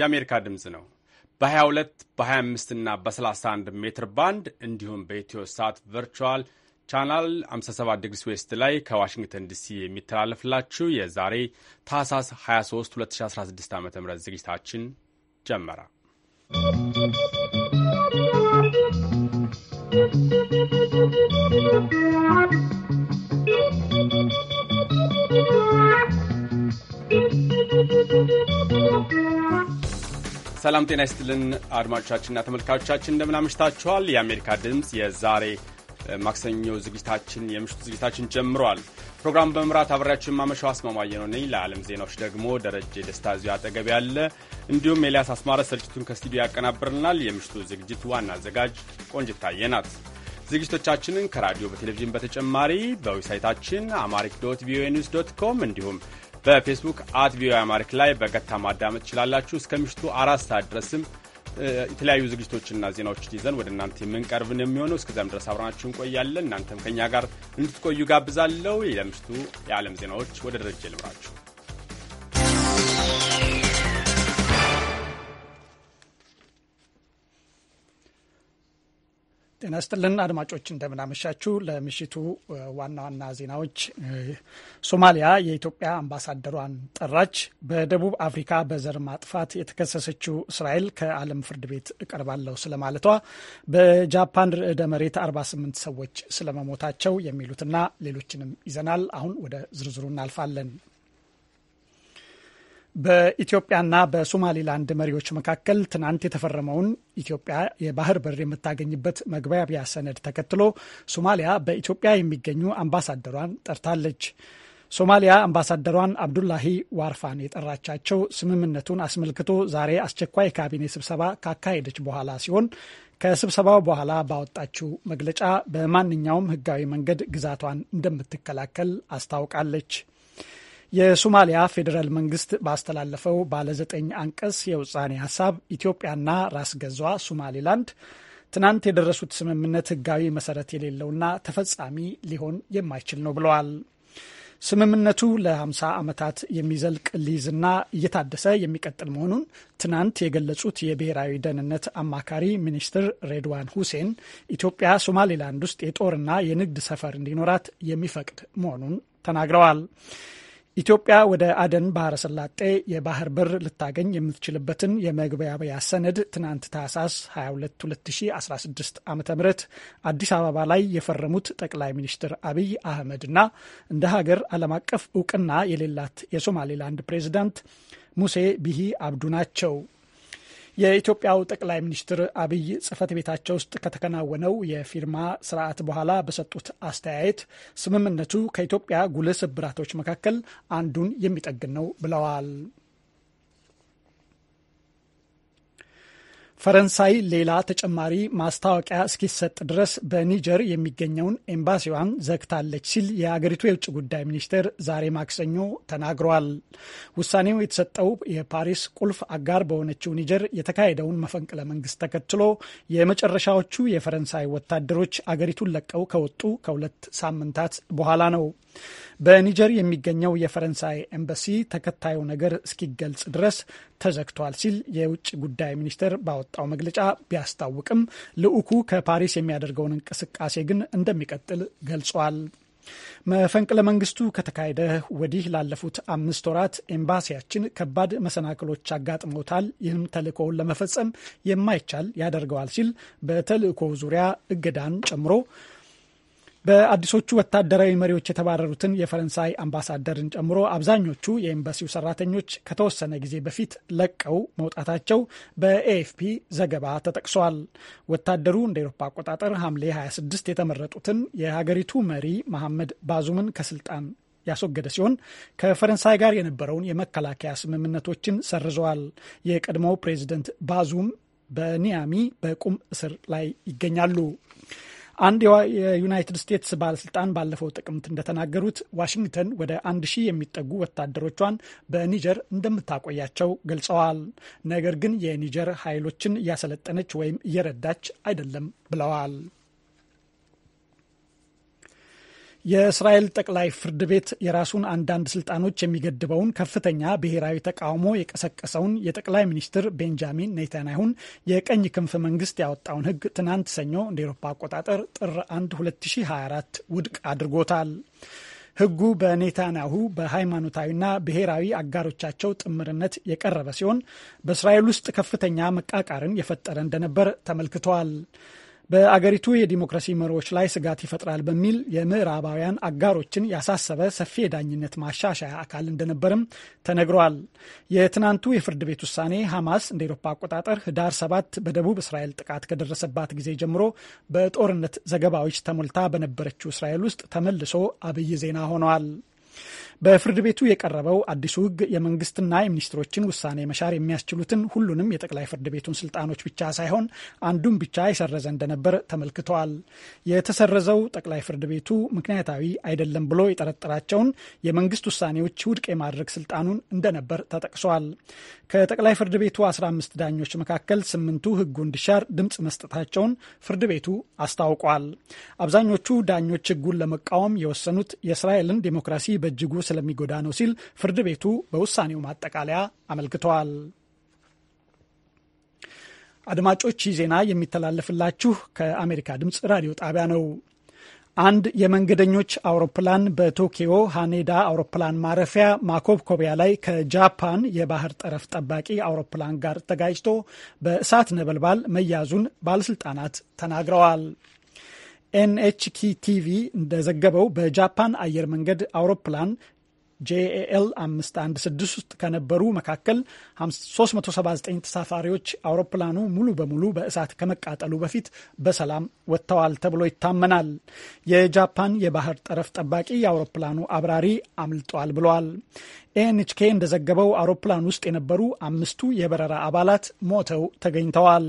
የአሜሪካ ድምፅ ነው። በ22 በ25 እና በ31 ሜትር ባንድ እንዲሁም በኢትዮ ሳት ቨርቹዋል ቻናል 57 ዲግሪ ዌስት ላይ ከዋሽንግተን ዲሲ የሚተላለፍላችሁ የዛሬ ታህሳስ 23 2016 ዓ ም ዝግጅታችን ጀመረ። ¶¶ ሰላም ጤና ይስጥልን አድማጮቻችንና ተመልካቾቻችን እንደምናመሽታችኋል። የአሜሪካ ድምፅ የዛሬ ማክሰኞ ዝግጅታችን የምሽቱ ዝግጅታችን ጀምሯል። ፕሮግራም በመምራት አብሬያችሁ የማመሻው አስማማየ ነው ነኝ። ለዓለም ዜናዎች ደግሞ ደረጀ ደስታ እዚሁ አጠገብ ያለ፣ እንዲሁም ኤልያስ አስማረ ስርጭቱን ከስቱዲዮ ያቀናብርልናል። የምሽቱ ዝግጅት ዋና አዘጋጅ ቆንጅት ታየ ናት። ዝግጅቶቻችንን ከራዲዮ በቴሌቪዥን በተጨማሪ በዌብሳይታችን አማሪክ ዶት ቪኦኤ ኒውስ ዶት ኮም እንዲሁም በፌስቡክ አት ቪኦኤ አማሪክ ላይ በቀጥታ ማዳመጥ ትችላላችሁ። እስከ ምሽቱ አራት ሰዓት ድረስም የተለያዩ ዝግጅቶችና ዜናዎችን ይዘን ወደ እናንተ የምንቀርብን የሚሆነው እስከዚያም ድረስ አብረናችሁ እንቆያለን። እናንተም ከእኛ ጋር እንድትቆዩ ጋብዛለሁ። ለምሽቱ የዓለም ዜናዎች ወደ ደረጀ ልምራችሁ። ጤና ይስጥልን አድማጮች፣ እንደምናመሻችሁ። ለምሽቱ ዋና ዋና ዜናዎች ሶማሊያ የኢትዮጵያ አምባሳደሯን ጠራች፣ በደቡብ አፍሪካ በዘር ማጥፋት የተከሰሰችው እስራኤል ከዓለም ፍርድ ቤት እቀርባለሁ ስለማለቷ፣ በጃፓን ርዕደ መሬት 48 ሰዎች ስለመሞታቸው የሚሉትና ሌሎችንም ይዘናል። አሁን ወደ ዝርዝሩ እናልፋለን። በኢትዮጵያና በሶማሌላንድ መሪዎች መካከል ትናንት የተፈረመውን ኢትዮጵያ የባህር በር የምታገኝበት መግባቢያ ሰነድ ተከትሎ ሶማሊያ በኢትዮጵያ የሚገኙ አምባሳደሯን ጠርታለች። ሶማሊያ አምባሳደሯን አብዱላሂ ዋርፋን የጠራቻቸው ስምምነቱን አስመልክቶ ዛሬ አስቸኳይ ካቢኔ ስብሰባ ካካሄደች በኋላ ሲሆን ከስብሰባው በኋላ ባወጣችው መግለጫ በማንኛውም ሕጋዊ መንገድ ግዛቷን እንደምትከላከል አስታውቃለች። የሶማሊያ ፌዴራል መንግስት ባስተላለፈው ባለ ዘጠኝ አንቀጽ የውሳኔ ሀሳብ ኢትዮጵያና ራስ ገዟ ሶማሌላንድ ትናንት የደረሱት ስምምነት ህጋዊ መሰረት የሌለውና ተፈጻሚ ሊሆን የማይችል ነው ብለዋል። ስምምነቱ ለ50 ዓመታት የሚዘልቅ ሊዝና እየታደሰ የሚቀጥል መሆኑን ትናንት የገለጹት የብሔራዊ ደህንነት አማካሪ ሚኒስትር ሬድዋን ሁሴን ኢትዮጵያ ሶማሌላንድ ውስጥ የጦርና የንግድ ሰፈር እንዲኖራት የሚፈቅድ መሆኑን ተናግረዋል። ኢትዮጵያ ወደ አደን ባህረ ሰላጤ የባህር በር ልታገኝ የምትችልበትን የመግባቢያ ሰነድ ትናንት ታህሳስ 22 2016 ዓ ም አዲስ አበባ ላይ የፈረሙት ጠቅላይ ሚኒስትር አብይ አህመድና እንደ ሀገር ዓለም አቀፍ እውቅና የሌላት የሶማሌላንድ ፕሬዚዳንት ሙሴ ቢሂ አብዱ ናቸው። የኢትዮጵያው ጠቅላይ ሚኒስትር አብይ ጽህፈት ቤታቸው ውስጥ ከተከናወነው የፊርማ ስርዓት በኋላ በሰጡት አስተያየት ስምምነቱ ከኢትዮጵያ ጉልህ ስብራቶች መካከል አንዱን የሚጠግን ነው ብለዋል። ፈረንሳይ ሌላ ተጨማሪ ማስታወቂያ እስኪሰጥ ድረስ በኒጀር የሚገኘውን ኤምባሲዋን ዘግታለች ሲል የአገሪቱ የውጭ ጉዳይ ሚኒስቴር ዛሬ ማክሰኞ ተናግሯል። ውሳኔው የተሰጠው የፓሪስ ቁልፍ አጋር በሆነችው ኒጀር የተካሄደውን መፈንቅለ መንግስት ተከትሎ የመጨረሻዎቹ የፈረንሳይ ወታደሮች አገሪቱን ለቀው ከወጡ ከሁለት ሳምንታት በኋላ ነው። በኒጀር የሚገኘው የፈረንሳይ ኤምባሲ ተከታዩ ነገር እስኪገልጽ ድረስ ተዘግቷል ሲል የውጭ ጉዳይ ሚኒስቴር ባወጣው መግለጫ ቢያስታውቅም ልዑኩ ከፓሪስ የሚያደርገውን እንቅስቃሴ ግን እንደሚቀጥል ገልጿል። መፈንቅለ መንግስቱ ከተካሄደ ወዲህ ላለፉት አምስት ወራት ኤምባሲያችን ከባድ መሰናክሎች አጋጥመውታል። ይህም ተልእኮውን ለመፈጸም የማይቻል ያደርገዋል ሲል በተልእኮው ዙሪያ እገዳን ጨምሮ በአዲሶቹ ወታደራዊ መሪዎች የተባረሩትን የፈረንሳይ አምባሳደርን ጨምሮ አብዛኞቹ የኤምባሲው ሰራተኞች ከተወሰነ ጊዜ በፊት ለቀው መውጣታቸው በኤኤፍፒ ዘገባ ተጠቅሷል። ወታደሩ እንደ ኤሮፓ አቆጣጠር ሐምሌ 26 የተመረጡትን የሀገሪቱ መሪ መሐመድ ባዙምን ከስልጣን ያስወገደ ሲሆን ከፈረንሳይ ጋር የነበረውን የመከላከያ ስምምነቶችን ሰርዘዋል። የቀድሞው ፕሬዚደንት ባዙም በኒያሚ በቁም እስር ላይ ይገኛሉ። አንድ የዩናይትድ ስቴትስ ባለስልጣን ባለፈው ጥቅምት እንደተናገሩት ዋሽንግተን ወደ አንድ ሺህ የሚጠጉ ወታደሮቿን በኒጀር እንደምታቆያቸው ገልጸዋል። ነገር ግን የኒጀር ኃይሎችን እያሰለጠነች ወይም እየረዳች አይደለም ብለዋል። የእስራኤል ጠቅላይ ፍርድ ቤት የራሱን አንዳንድ ስልጣኖች የሚገድበውን ከፍተኛ ብሔራዊ ተቃውሞ የቀሰቀሰውን የጠቅላይ ሚኒስትር ቤንጃሚን ኔታንያሁን የቀኝ ክንፍ መንግስት ያወጣውን ሕግ ትናንት ሰኞ እንደ ኤሮፓ አቆጣጠር ጥር 1 2024 ውድቅ አድርጎታል። ሕጉ በኔታንያሁ በሃይማኖታዊና ብሔራዊ አጋሮቻቸው ጥምርነት የቀረበ ሲሆን በእስራኤል ውስጥ ከፍተኛ መቃቃርን የፈጠረ እንደነበር ተመልክተዋል። በአገሪቱ የዲሞክራሲ መሪዎች ላይ ስጋት ይፈጥራል በሚል የምዕራባውያን አጋሮችን ያሳሰበ ሰፊ የዳኝነት ማሻሻያ አካል እንደነበርም ተነግሯል። የትናንቱ የፍርድ ቤት ውሳኔ ሐማስ እንደ ኤሮፓ አቆጣጠር ህዳር ሰባት በደቡብ እስራኤል ጥቃት ከደረሰባት ጊዜ ጀምሮ በጦርነት ዘገባዎች ተሞልታ በነበረችው እስራኤል ውስጥ ተመልሶ አብይ ዜና ሆኗል። በፍርድ ቤቱ የቀረበው አዲሱ ህግ የመንግስትና የሚኒስትሮችን ውሳኔ መሻር የሚያስችሉትን ሁሉንም የጠቅላይ ፍርድ ቤቱን ስልጣኖች ብቻ ሳይሆን አንዱን ብቻ የሰረዘ እንደነበር ተመልክተዋል። የተሰረዘው ጠቅላይ ፍርድ ቤቱ ምክንያታዊ አይደለም ብሎ የጠረጠራቸውን የመንግስት ውሳኔዎች ውድቅ የማድረግ ስልጣኑን እንደነበር ተጠቅሷል። ከጠቅላይ ፍርድ ቤቱ 15 ዳኞች መካከል ስምንቱ ሕጉ እንዲሻር ድምፅ መስጠታቸውን ፍርድ ቤቱ አስታውቋል። አብዛኞቹ ዳኞች ሕጉን ለመቃወም የወሰኑት የእስራኤልን ዴሞክራሲ በእጅጉ ስለሚጎዳ ነው ሲል ፍርድ ቤቱ በውሳኔው ማጠቃለያ አመልክተዋል። አድማጮች ይህ ዜና የሚተላለፍላችሁ ከአሜሪካ ድምፅ ራዲዮ ጣቢያ ነው። አንድ የመንገደኞች አውሮፕላን በቶኪዮ ሃኔዳ አውሮፕላን ማረፊያ ማኮብኮቢያ ላይ ከጃፓን የባህር ጠረፍ ጠባቂ አውሮፕላን ጋር ተጋጭቶ በእሳት ነበልባል መያዙን ባለስልጣናት ተናግረዋል። ኤንኤችኪ ቲቪ እንደዘገበው በጃፓን አየር መንገድ አውሮፕላን ጄኤኤል 516 ውስጥ ከነበሩ መካከል 379 ተሳፋሪዎች አውሮፕላኑ ሙሉ በሙሉ በእሳት ከመቃጠሉ በፊት በሰላም ወጥተዋል ተብሎ ይታመናል። የጃፓን የባህር ጠረፍ ጠባቂ የአውሮፕላኑ አብራሪ አምልጧል ብለዋል። ኤንኤችኬ እንደዘገበው አውሮፕላን ውስጥ የነበሩ አምስቱ የበረራ አባላት ሞተው ተገኝተዋል።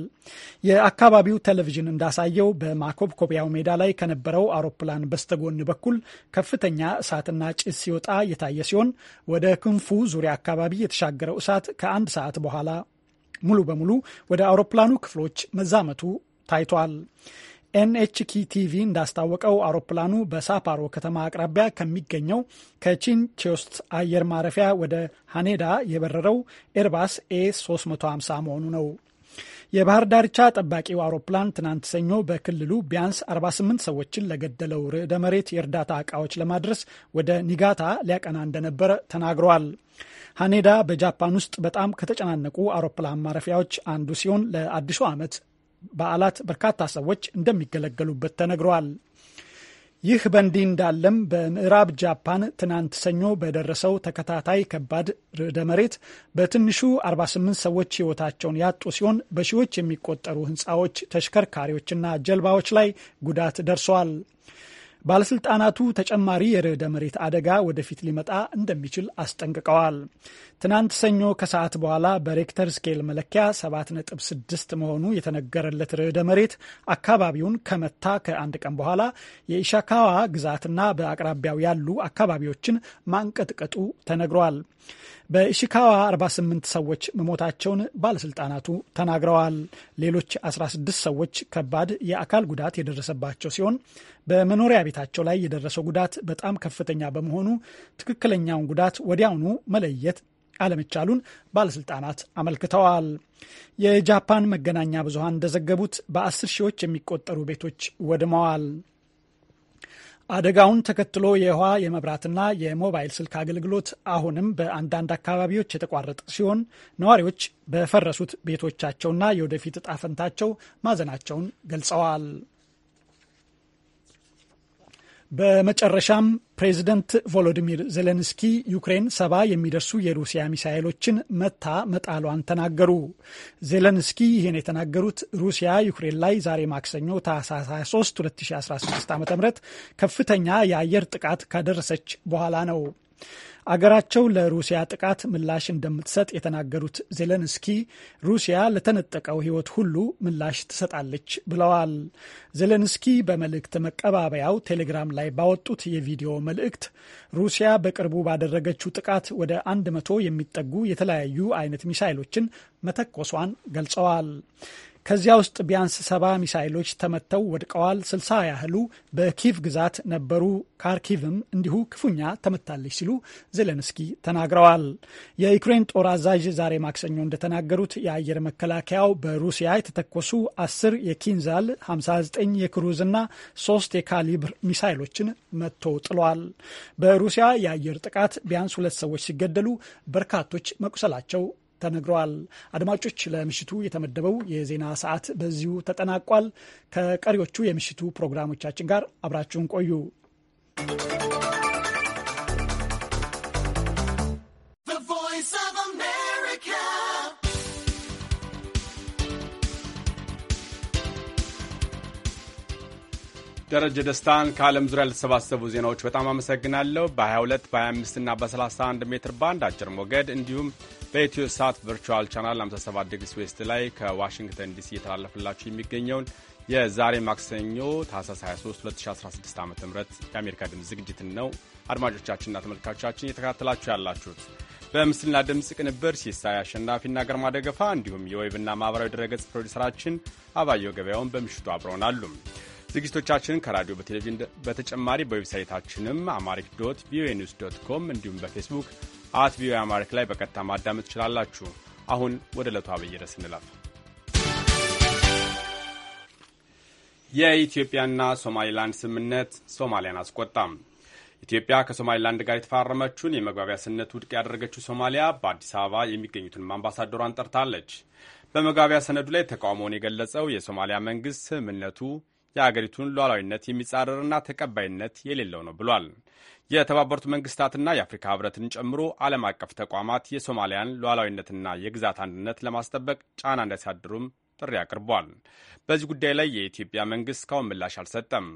የአካባቢው ቴሌቪዥን እንዳሳየው በማኮብኮቢያው ሜዳ ላይ ከነበረው አውሮፕላን በስተጎን በኩል ከፍተኛ እሳትና ጭስ ሲወጣ የታየ ሲሆን ወደ ክንፉ ዙሪያ አካባቢ የተሻገረው እሳት ከአንድ ሰዓት በኋላ ሙሉ በሙሉ ወደ አውሮፕላኑ ክፍሎች መዛመቱ ታይቷል። ኤንኤችኪ ቲቪ እንዳስታወቀው አውሮፕላኑ በሳፓሮ ከተማ አቅራቢያ ከሚገኘው ከቺንቼውስት አየር ማረፊያ ወደ ሃኔዳ የበረረው ኤርባስ ኤ 350 መሆኑ ነው። የባህር ዳርቻ ጠባቂው አውሮፕላን ትናንት ሰኞ በክልሉ ቢያንስ 48 ሰዎችን ለገደለው ርዕደ መሬት የእርዳታ ዕቃዎች ለማድረስ ወደ ኒጋታ ሊያቀና እንደነበረ ተናግረዋል። ሃኔዳ በጃፓን ውስጥ በጣም ከተጨናነቁ አውሮፕላን ማረፊያዎች አንዱ ሲሆን ለአዲሱ ዓመት በዓላት በርካታ ሰዎች እንደሚገለገሉበት ተነግረዋል። ይህ በእንዲህ እንዳለም በምዕራብ ጃፓን ትናንት ሰኞ በደረሰው ተከታታይ ከባድ ርዕደ መሬት በትንሹ 48 ሰዎች ሕይወታቸውን ያጡ ሲሆን በሺዎች የሚቆጠሩ ሕንፃዎች፣ ተሽከርካሪዎችና ጀልባዎች ላይ ጉዳት ደርሰዋል። ባለስልጣናቱ ተጨማሪ የርዕደ መሬት አደጋ ወደፊት ሊመጣ እንደሚችል አስጠንቅቀዋል። ትናንት ሰኞ ከሰዓት በኋላ በሬክተር ስኬል መለኪያ 7.6 መሆኑ የተነገረለት ርዕደ መሬት አካባቢውን ከመታ ከአንድ ቀን በኋላ የኢሻካዋ ግዛትና በአቅራቢያው ያሉ አካባቢዎችን ማንቀጥቀጡ ተነግሯል። በኢሽካዋ 48 ሰዎች መሞታቸውን ባለስልጣናቱ ተናግረዋል። ሌሎች 16 ሰዎች ከባድ የአካል ጉዳት የደረሰባቸው ሲሆን በመኖሪያ ቤታቸው ላይ የደረሰው ጉዳት በጣም ከፍተኛ በመሆኑ ትክክለኛውን ጉዳት ወዲያውኑ መለየት አለመቻሉን ባለስልጣናት አመልክተዋል። የጃፓን መገናኛ ብዙሃን እንደዘገቡት በአስር ሺዎች የሚቆጠሩ ቤቶች ወድመዋል። አደጋውን ተከትሎ የውሃ የመብራትና የሞባይል ስልክ አገልግሎት አሁንም በአንዳንድ አካባቢዎች የተቋረጠ ሲሆን ነዋሪዎች በፈረሱት ቤቶቻቸውና የወደፊት እጣ ፈንታቸው ማዘናቸውን ገልጸዋል። በመጨረሻም ፕሬዚደንት ቮሎዲሚር ዜሌንስኪ ዩክሬን ሰባ የሚደርሱ የሩሲያ ሚሳኤሎችን መታ መጣሏን ተናገሩ። ዜሌንስኪ ይህን የተናገሩት ሩሲያ ዩክሬን ላይ ዛሬ ማክሰኞ ታህሳስ 23 2016 ዓ ም ከፍተኛ የአየር ጥቃት ካደረሰች በኋላ ነው። አገራቸው ለሩሲያ ጥቃት ምላሽ እንደምትሰጥ የተናገሩት ዜሌንስኪ ሩሲያ ለተነጠቀው ሕይወት ሁሉ ምላሽ ትሰጣለች ብለዋል። ዜሌንስኪ በመልእክት መቀባበያው ቴሌግራም ላይ ባወጡት የቪዲዮ መልእክት ሩሲያ በቅርቡ ባደረገችው ጥቃት ወደ አንድ መቶ የሚጠጉ የተለያዩ አይነት ሚሳይሎችን መተኮሷን ገልጸዋል። ከዚያ ውስጥ ቢያንስ ሰባ ሚሳይሎች ተመተው ወድቀዋል። ስልሳ ያህሉ በኪቭ ግዛት ነበሩ። ካርኪቭም እንዲሁ ክፉኛ ተመታለች ሲሉ ዜሌንስኪ ተናግረዋል። የዩክሬን ጦር አዛዥ ዛሬ ማክሰኞ እንደተናገሩት የአየር መከላከያው በሩሲያ የተተኮሱ አስር የኪንዛል 59 የክሩዝ እና ሶስት የካሊብር ሚሳይሎችን መቶ ጥሏል። በሩሲያ የአየር ጥቃት ቢያንስ ሁለት ሰዎች ሲገደሉ በርካቶች መቁሰላቸው ተነግረዋል። አድማጮች፣ ለምሽቱ የተመደበው የዜና ሰዓት በዚሁ ተጠናቋል። ከቀሪዎቹ የምሽቱ ፕሮግራሞቻችን ጋር አብራችሁን ቆዩ። ደረጀ ደስታን ከዓለም ዙሪያ ለተሰባሰቡ ዜናዎች በጣም አመሰግናለሁ። በ22 በ25 እና በ31 ሜትር ባንድ አጭር ሞገድ እንዲሁም በኢትዮ ሳት ቨርቹዋል ቻናል 57 ዲግሪ ዌስት ላይ ከዋሽንግተን ዲሲ እየተላለፈላችሁ የሚገኘውን የዛሬ ማክሰኞ ታህሳስ 23 2016 ዓ ም የአሜሪካ ድምፅ ዝግጅትን ነው አድማጮቻችንና ተመልካቾቻችን እየተከታተላችሁ ያላችሁት። በምስልና ድምፅ ቅንብር ሲሳይ አሸናፊና ግርማ ደገፋ እንዲሁም የዌብና ማኅበራዊ ድረገጽ ፕሮዲሰራችን አባየው ገበያውን በምሽቱ አብረውናሉ። ዝግጅቶቻችንን ከራዲዮ በቴሌቪዥን በተጨማሪ በዌብሳይታችንም አማሪክ ዶት ቪኦኤ ኒውስ ዶት ኮም እንዲሁም በፌስቡክ አት ቪኦኤ አማሪክ ላይ በቀጥታ ማዳመጥ ትችላላችሁ። አሁን ወደ ዕለቱ አብይ ርዕስ እንለፍ። የኢትዮጵያና ሶማሊላንድ ስምምነት ሶማሊያን አስቆጣም። ኢትዮጵያ ከሶማሊላንድ ጋር የተፈራረመችውን የመግባቢያ ስነት ውድቅ ያደረገችው ሶማሊያ በአዲስ አበባ የሚገኙትን አምባሳደሯን ጠርታለች። በመግባቢያ ሰነዱ ላይ ተቃውሞውን የገለጸው የሶማሊያ መንግስት ስምምነቱ የአገሪቱን ሉዓላዊነት የሚጻረርና ተቀባይነት የሌለው ነው ብሏል። የተባበሩት መንግስታትና የአፍሪካ ህብረትን ጨምሮ ዓለም አቀፍ ተቋማት የሶማሊያን ሉዓላዊነትና የግዛት አንድነት ለማስጠበቅ ጫና እንዳሲያድሩም ጥሪ አቅርቧል። በዚህ ጉዳይ ላይ የኢትዮጵያ መንግስት እስካሁን ምላሽ አልሰጠም።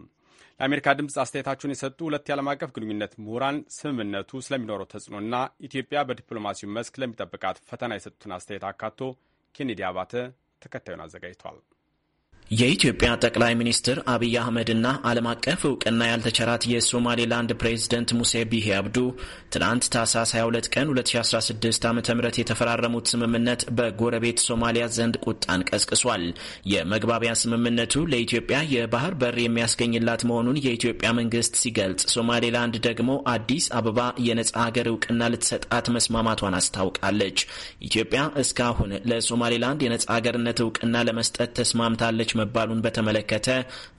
ለአሜሪካ ድምፅ አስተያየታቸውን የሰጡ ሁለት የዓለም አቀፍ ግንኙነት ምሁራን ስምምነቱ ስለሚኖረው ተጽዕኖና ኢትዮጵያ በዲፕሎማሲው መስክ ለሚጠብቃት ፈተና የሰጡትን አስተያየት አካቶ ኬኔዲ አባተ ተከታዩን አዘጋጅቷል። የኢትዮጵያ ጠቅላይ ሚኒስትር አብይ አህመድና ዓለም አቀፍ እውቅና ያልተቸራት የሶማሌላንድ ፕሬዚደንት ሙሴ ቢሄ አብዱ ትናንት ታህሳስ 22 ቀን 2016 ዓ ም የተፈራረሙት ስምምነት በጎረቤት ሶማሊያ ዘንድ ቁጣን ቀስቅሷል። የመግባቢያ ስምምነቱ ለኢትዮጵያ የባህር በር የሚያስገኝላት መሆኑን የኢትዮጵያ መንግስት ሲገልጽ፣ ሶማሌላንድ ደግሞ አዲስ አበባ የነጻ ሀገር እውቅና ልትሰጣት መስማማቷን አስታውቃለች። ኢትዮጵያ እስካሁን ለሶማሌላንድ የነጻ ሀገርነት እውቅና ለመስጠት ተስማምታለች መባሉን በተመለከተ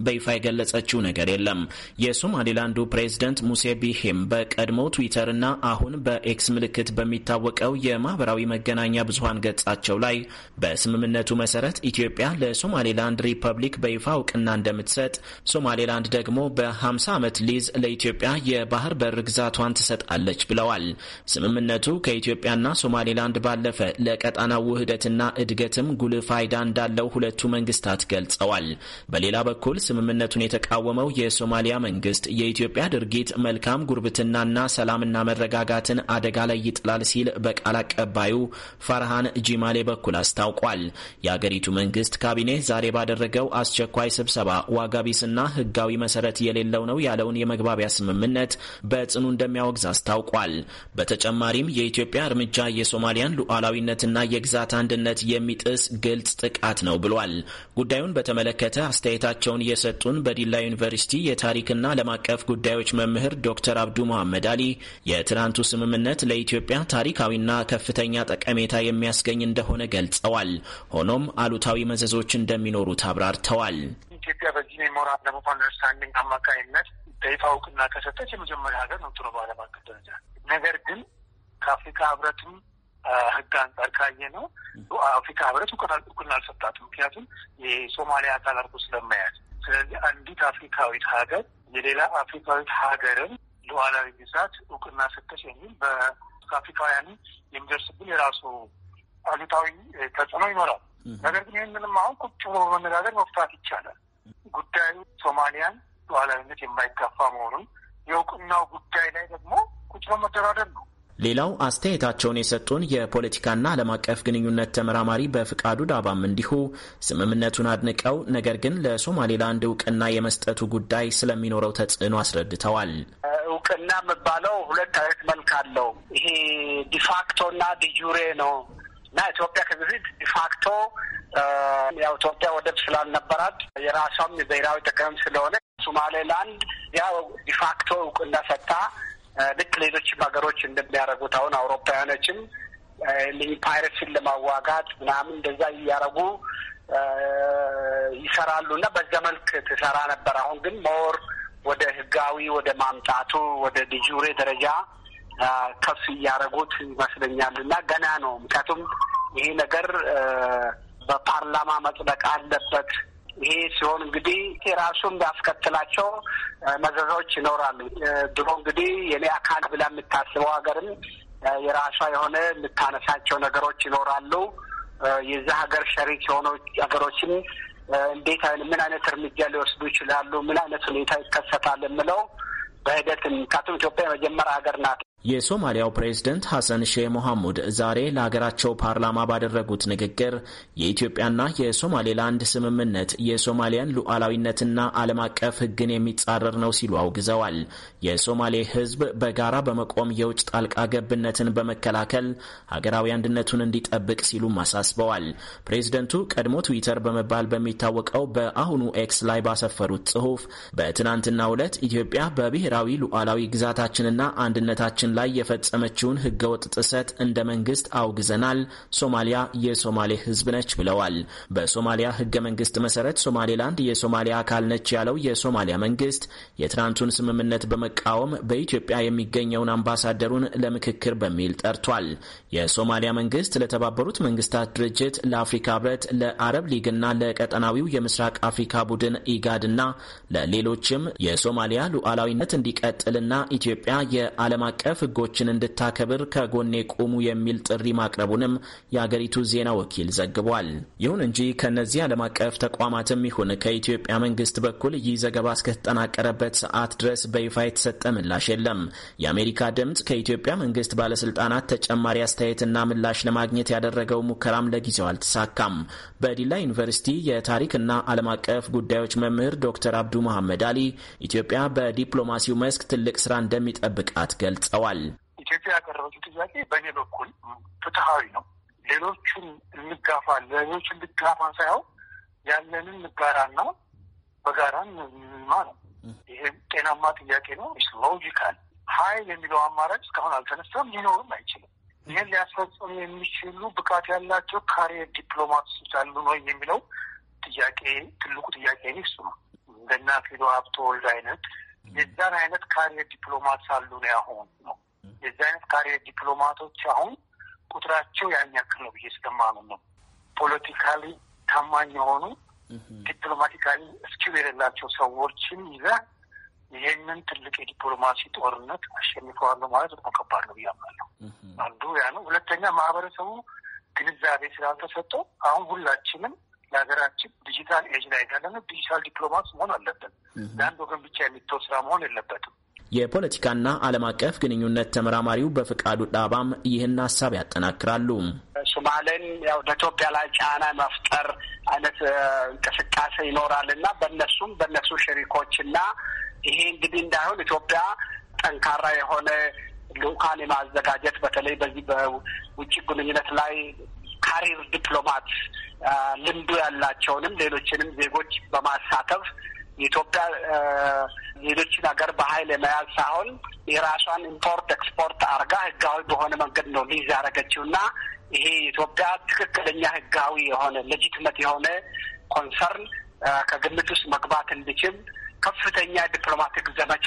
በይፋ የገለጸችው ነገር የለም። የሶማሌላንዱ ፕሬዝደንት ሙሴ ቢሂም በቀድሞው እና አሁን በኤክስ ምልክት በሚታወቀው የማህበራዊ መገናኛ ብዙሀን ገጻቸው ላይ በስምምነቱ መሰረት ኢትዮጵያ ለሶማሌላንድ ሪፐብሊክ በይፋ እውቅና እንደምትሰጥ፣ ሶማሌላንድ ደግሞ በ50 ዓመት ሊዝ ለኢትዮጵያ የባህር በር ግዛቷን ትሰጣለች ብለዋል። ስምምነቱ ከኢትዮጵያና ሶማሌላንድ ባለፈ ለቀጣናው ውህደትና እድገትም ጉልህ ፋይዳ እንዳለው ሁለቱ መንግስታት ገልጸዋል። ገልጸዋል። በሌላ በኩል ስምምነቱን የተቃወመው የሶማሊያ መንግስት የኢትዮጵያ ድርጊት መልካም ጉርብትናና ሰላምና መረጋጋትን አደጋ ላይ ይጥላል ሲል በቃል አቀባዩ ፈርሃን ጂማሌ በኩል አስታውቋል። የአገሪቱ መንግስት ካቢኔ ዛሬ ባደረገው አስቸኳይ ስብሰባ ዋጋቢስና ሕጋዊ መሰረት የሌለው ነው ያለውን የመግባቢያ ስምምነት በጽኑ እንደሚያወግዝ አስታውቋል። በተጨማሪም የኢትዮጵያ እርምጃ የሶማሊያን ሉዓላዊነትና የግዛት አንድነት የሚጥስ ግልጽ ጥቃት ነው ብሏል። ጉዳዩን በተመለከተ አስተያየታቸውን እየሰጡን በዲላ ዩኒቨርሲቲ የታሪክና ዓለም አቀፍ ጉዳዮች መምህር ዶክተር አብዱ መሐመድ አሊ የትናንቱ ስምምነት ለኢትዮጵያ ታሪካዊና ከፍተኛ ጠቀሜታ የሚያስገኝ እንደሆነ ገልጸዋል። ሆኖም አሉታዊ መዘዞች እንደሚኖሩት አብራርተዋል። ኢትዮጵያ በዚህ ሜሞራንደም ኦፍ አንደርስታንዲንግ አማካኝነት በይፋ እውቅና ከሰጠች የመጀመሪያ ሀገር ነው ጥሩ በዓለም አቀፍ ደረጃ ነገር ግን ከአፍሪካ ህብረትም ህግ አንጻር ካየ ነው አፍሪካ ህብረት እውቅና አልሰጣት። ምክንያቱም የሶማሊያ አካል አድርጎ ስለማያት። ስለዚህ አንዲት አፍሪካዊት ሀገር የሌላ አፍሪካዊት ሀገርን ሉዓላዊ ግዛት እውቅና ሰጠች የሚል በአፍሪካውያን የሚደርስብን የራሱ አሉታዊ ተጽዕኖ ይኖራል። ነገር ግን ይህንንም አሁን ቁጭ ብሎ በመነጋገር መፍታት ይቻላል። ጉዳዩ ሶማሊያን ሉዓላዊነት የማይጋፋ መሆኑን የእውቅናው ጉዳይ ላይ ደግሞ ቁጭ በመደራደር ነው ሌላው አስተያየታቸውን የሰጡን የፖለቲካና ዓለም አቀፍ ግንኙነት ተመራማሪ በፍቃዱ ዳባም እንዲሁ ስምምነቱን አድንቀው ነገር ግን ለሶማሌላንድ እውቅና የመስጠቱ ጉዳይ ስለሚኖረው ተጽዕኖ አስረድተዋል። እውቅና የሚባለው ሁለት አይነት መልክ አለው። ይሄ ዲፋክቶና ዲጁሬ ነው እና ኢትዮጵያ ከጊዜ ዲፋክቶ ያው ኢትዮጵያ ወደብ ስላልነበራት የራሷም የብሔራዊ ጥቅም ስለሆነ ሶማሌላንድ ያው ዲፋክቶ እውቅና ሰጥታ ልክ ሌሎችም ሀገሮች እንደሚያደርጉት አሁን አውሮፓውያኖችም ፓይረሲን ለማዋጋት ምናምን እንደዛ እያደረጉ ይሰራሉ እና በዛ መልክ ትሰራ ነበር። አሁን ግን ሞር ወደ ህጋዊ ወደ ማምጣቱ ወደ ዲጁሬ ደረጃ ከፍ እያደረጉት ይመስለኛል። እና ገና ነው። ምክንያቱም ይሄ ነገር በፓርላማ መጽደቅ አለበት። ይሄ ሲሆን እንግዲህ የራሱን ያስከትላቸው መዘዞች ይኖራሉ። ድሮ እንግዲህ የኔ አካል ብላ የምታስበው ሀገርም የራሷ የሆነ የምታነሳቸው ነገሮች ይኖራሉ። የዛ ሀገር ሸሪክ የሆኑ ሀገሮችም እንዴት ምን አይነት እርምጃ ሊወስዱ ይችላሉ፣ ምን አይነት ሁኔታ ይከሰታል የምለው በሂደት ምክንያቱም ኢትዮጵያ የመጀመሪያ ሀገር ናት የሶማሊያው ፕሬዝደንት ሐሰን ሼህ ሞሐሙድ ዛሬ ለሀገራቸው ፓርላማ ባደረጉት ንግግር የኢትዮጵያና የሶማሌላንድ ስምምነት የሶማሊያን ሉዓላዊነትና ዓለም አቀፍ ሕግን የሚጻረር ነው ሲሉ አውግዘዋል። የሶማሌ ሕዝብ በጋራ በመቆም የውጭ ጣልቃ ገብነትን በመከላከል ሀገራዊ አንድነቱን እንዲጠብቅ ሲሉም አሳስበዋል። ፕሬዝደንቱ ቀድሞ ትዊተር በመባል በሚታወቀው በአሁኑ ኤክስ ላይ ባሰፈሩት ጽሑፍ በትናንትናው ዕለት ኢትዮጵያ በብሔራዊ ሉዓላዊ ግዛታችንና አንድነታችን በክልላችን ላይ የፈጸመችውን ህገወጥ ጥሰት እንደ መንግስት አውግዘናል። ሶማሊያ የሶማሌ ህዝብ ነች ብለዋል። በሶማሊያ ህገ መንግስት መሰረት ሶማሌላንድ የሶማሊያ አካል ነች ያለው የሶማሊያ መንግስት የትናንቱን ስምምነት በመቃወም በኢትዮጵያ የሚገኘውን አምባሳደሩን ለምክክር በሚል ጠርቷል። የሶማሊያ መንግስት ለተባበሩት መንግስታት ድርጅት፣ ለአፍሪካ ህብረት፣ ለአረብ ሊግና ለቀጠናዊው የምስራቅ አፍሪካ ቡድን ኢጋድና ለሌሎችም የሶማሊያ ሉዓላዊነት እንዲቀጥልና ኢትዮጵያ የዓለም አቀፍ ህጎችን እንድታከብር ከጎኔ ቁሙ የሚል ጥሪ ማቅረቡንም የአገሪቱ ዜና ወኪል ዘግቧል። ይሁን እንጂ ከእነዚህ ዓለም አቀፍ ተቋማትም ይሁን ከኢትዮጵያ መንግስት በኩል ይህ ዘገባ እስከተጠናቀረበት ሰዓት ድረስ በይፋ የተሰጠ ምላሽ የለም። የአሜሪካ ድምፅ ከኢትዮጵያ መንግስት ባለስልጣናት ተጨማሪ አስተያየትና ምላሽ ለማግኘት ያደረገው ሙከራም ለጊዜው አልተሳካም። በዲላ ዩኒቨርሲቲ የታሪክና ዓለም አቀፍ ጉዳዮች መምህር ዶክተር አብዱ መሐመድ አሊ ኢትዮጵያ በዲፕሎማሲው መስክ ትልቅ ስራ እንደሚጠብቃት ገልጸዋል። ጠቁሟል። ኢትዮጵያ ያቀረበችው ጥያቄ በእኔ በኩል ፍትሐዊ ነው። ሌሎቹን እንጋፋ ሌሎች እንድጋፋ ሳይሆን ያለንን እንጋራና በጋራ ማ ነው። ይሄ ጤናማ ጥያቄ ነው። ስ ሎጂካል ሀይል የሚለው አማራጭ እስካሁን አልተነሳም፣ ሊኖርም አይችልም። ይህን ሊያስፈጽሙ የሚችሉ ብቃት ያላቸው ካሪየር ዲፕሎማቶች አሉ ነው የሚለው ጥያቄ። ትልቁ ጥያቄ እሱ ነው። እንደና ፊዶ ሀብተወልድ አይነት የዛን አይነት ካሪየር ዲፕሎማት ሳሉ ነው ያሁን ነው የዛ አይነት ካሪየር ዲፕሎማቶች አሁን ቁጥራቸው ያን ያክል ነው ብዬ ስለማምን ነው። ፖለቲካሊ ታማኝ የሆኑ ዲፕሎማቲካሊ እስኪል የሌላቸው ሰዎችን ይዘ ይህንን ትልቅ የዲፕሎማሲ ጦርነት አሸንፈዋለሁ ማለት በጣም ከባድ ነው ብዬ አምናለሁ። አንዱ ያ ነው። ሁለተኛ ማህበረሰቡ ግንዛቤ ስላልተሰጠው አሁን ሁላችንም ለሀገራችን ዲጂታል ኤጅ ላይ ያለነ ዲጂታል ዲፕሎማት መሆን አለብን። ለአንድ ወገን ብቻ የሚተው ስራ መሆን የለበትም። የፖለቲካና ዓለም አቀፍ ግንኙነት ተመራማሪው በፍቃዱ ዳባም ይህን ሀሳብ ያጠናክራሉ። ሶማሌን ያው በኢትዮጵያ ላይ ጫና መፍጠር አይነት እንቅስቃሴ ይኖራል እና በእነሱም በእነሱ ሽሪኮች እና ይሄ እንግዲህ እንዳይሆን ኢትዮጵያ ጠንካራ የሆነ ልኡካን የማዘጋጀት በተለይ በዚህ በውጭ ግንኙነት ላይ ካሪር ዲፕሎማት ልምዱ ያላቸውንም ሌሎችንም ዜጎች በማሳተፍ የኢትዮጵያ ሌሎችን ሀገር በኃይል የመያዝ ሳይሆን የራሷን ኢምፖርት ኤክስፖርት አርጋ ህጋዊ በሆነ መንገድ ነው ሊዝ ያደረገችው እና ይሄ የኢትዮጵያ ትክክለኛ ህጋዊ የሆነ ሌጂትመት የሆነ ኮንሰርን ከግምት ውስጥ መግባት እንዲችል ከፍተኛ ዲፕሎማቲክ ዘመቻ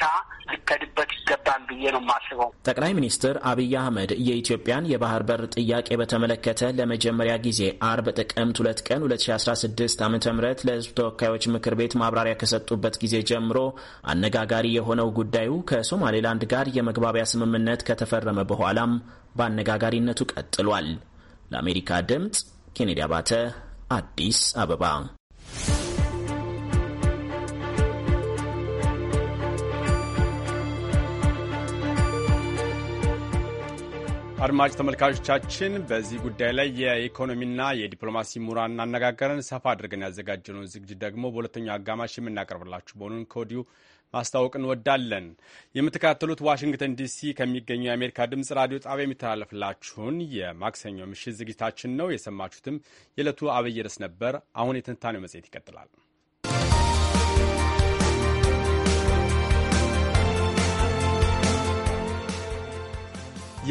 ሊከድበት ይገባል ብዬ ነው የማስበው። ጠቅላይ ሚኒስትር አብይ አህመድ የኢትዮጵያን የባህር በር ጥያቄ በተመለከተ ለመጀመሪያ ጊዜ አርብ ጥቅምት ሁለት ቀን 2016 ዓ ም ለህዝብ ተወካዮች ምክር ቤት ማብራሪያ ከሰጡበት ጊዜ ጀምሮ አነጋጋሪ የሆነው ጉዳዩ ከሶማሌላንድ ጋር የመግባቢያ ስምምነት ከተፈረመ በኋላም በአነጋጋሪነቱ ቀጥሏል። ለአሜሪካ ድምፅ ኬኔዲ አባተ አዲስ አበባ አድማጭ ተመልካቾቻችን በዚህ ጉዳይ ላይ የኢኮኖሚና የዲፕሎማሲ ምሁራን አነጋገርን። ሰፋ አድርገን ያዘጋጀነውን ዝግጅት ደግሞ በሁለተኛው አጋማሽ የምናቀርብላችሁ መሆኑን ከወዲሁ ማስታወቅ እንወዳለን። የምትከታተሉት ዋሽንግተን ዲሲ ከሚገኘው የአሜሪካ ድምፅ ራዲዮ ጣቢያ የሚተላለፍላችሁን የማክሰኞ ምሽት ዝግጅታችን ነው። የሰማችሁትም የዕለቱ አብይ ርዕስ ነበር። አሁን የትንታኔው መጽሔት ይቀጥላል።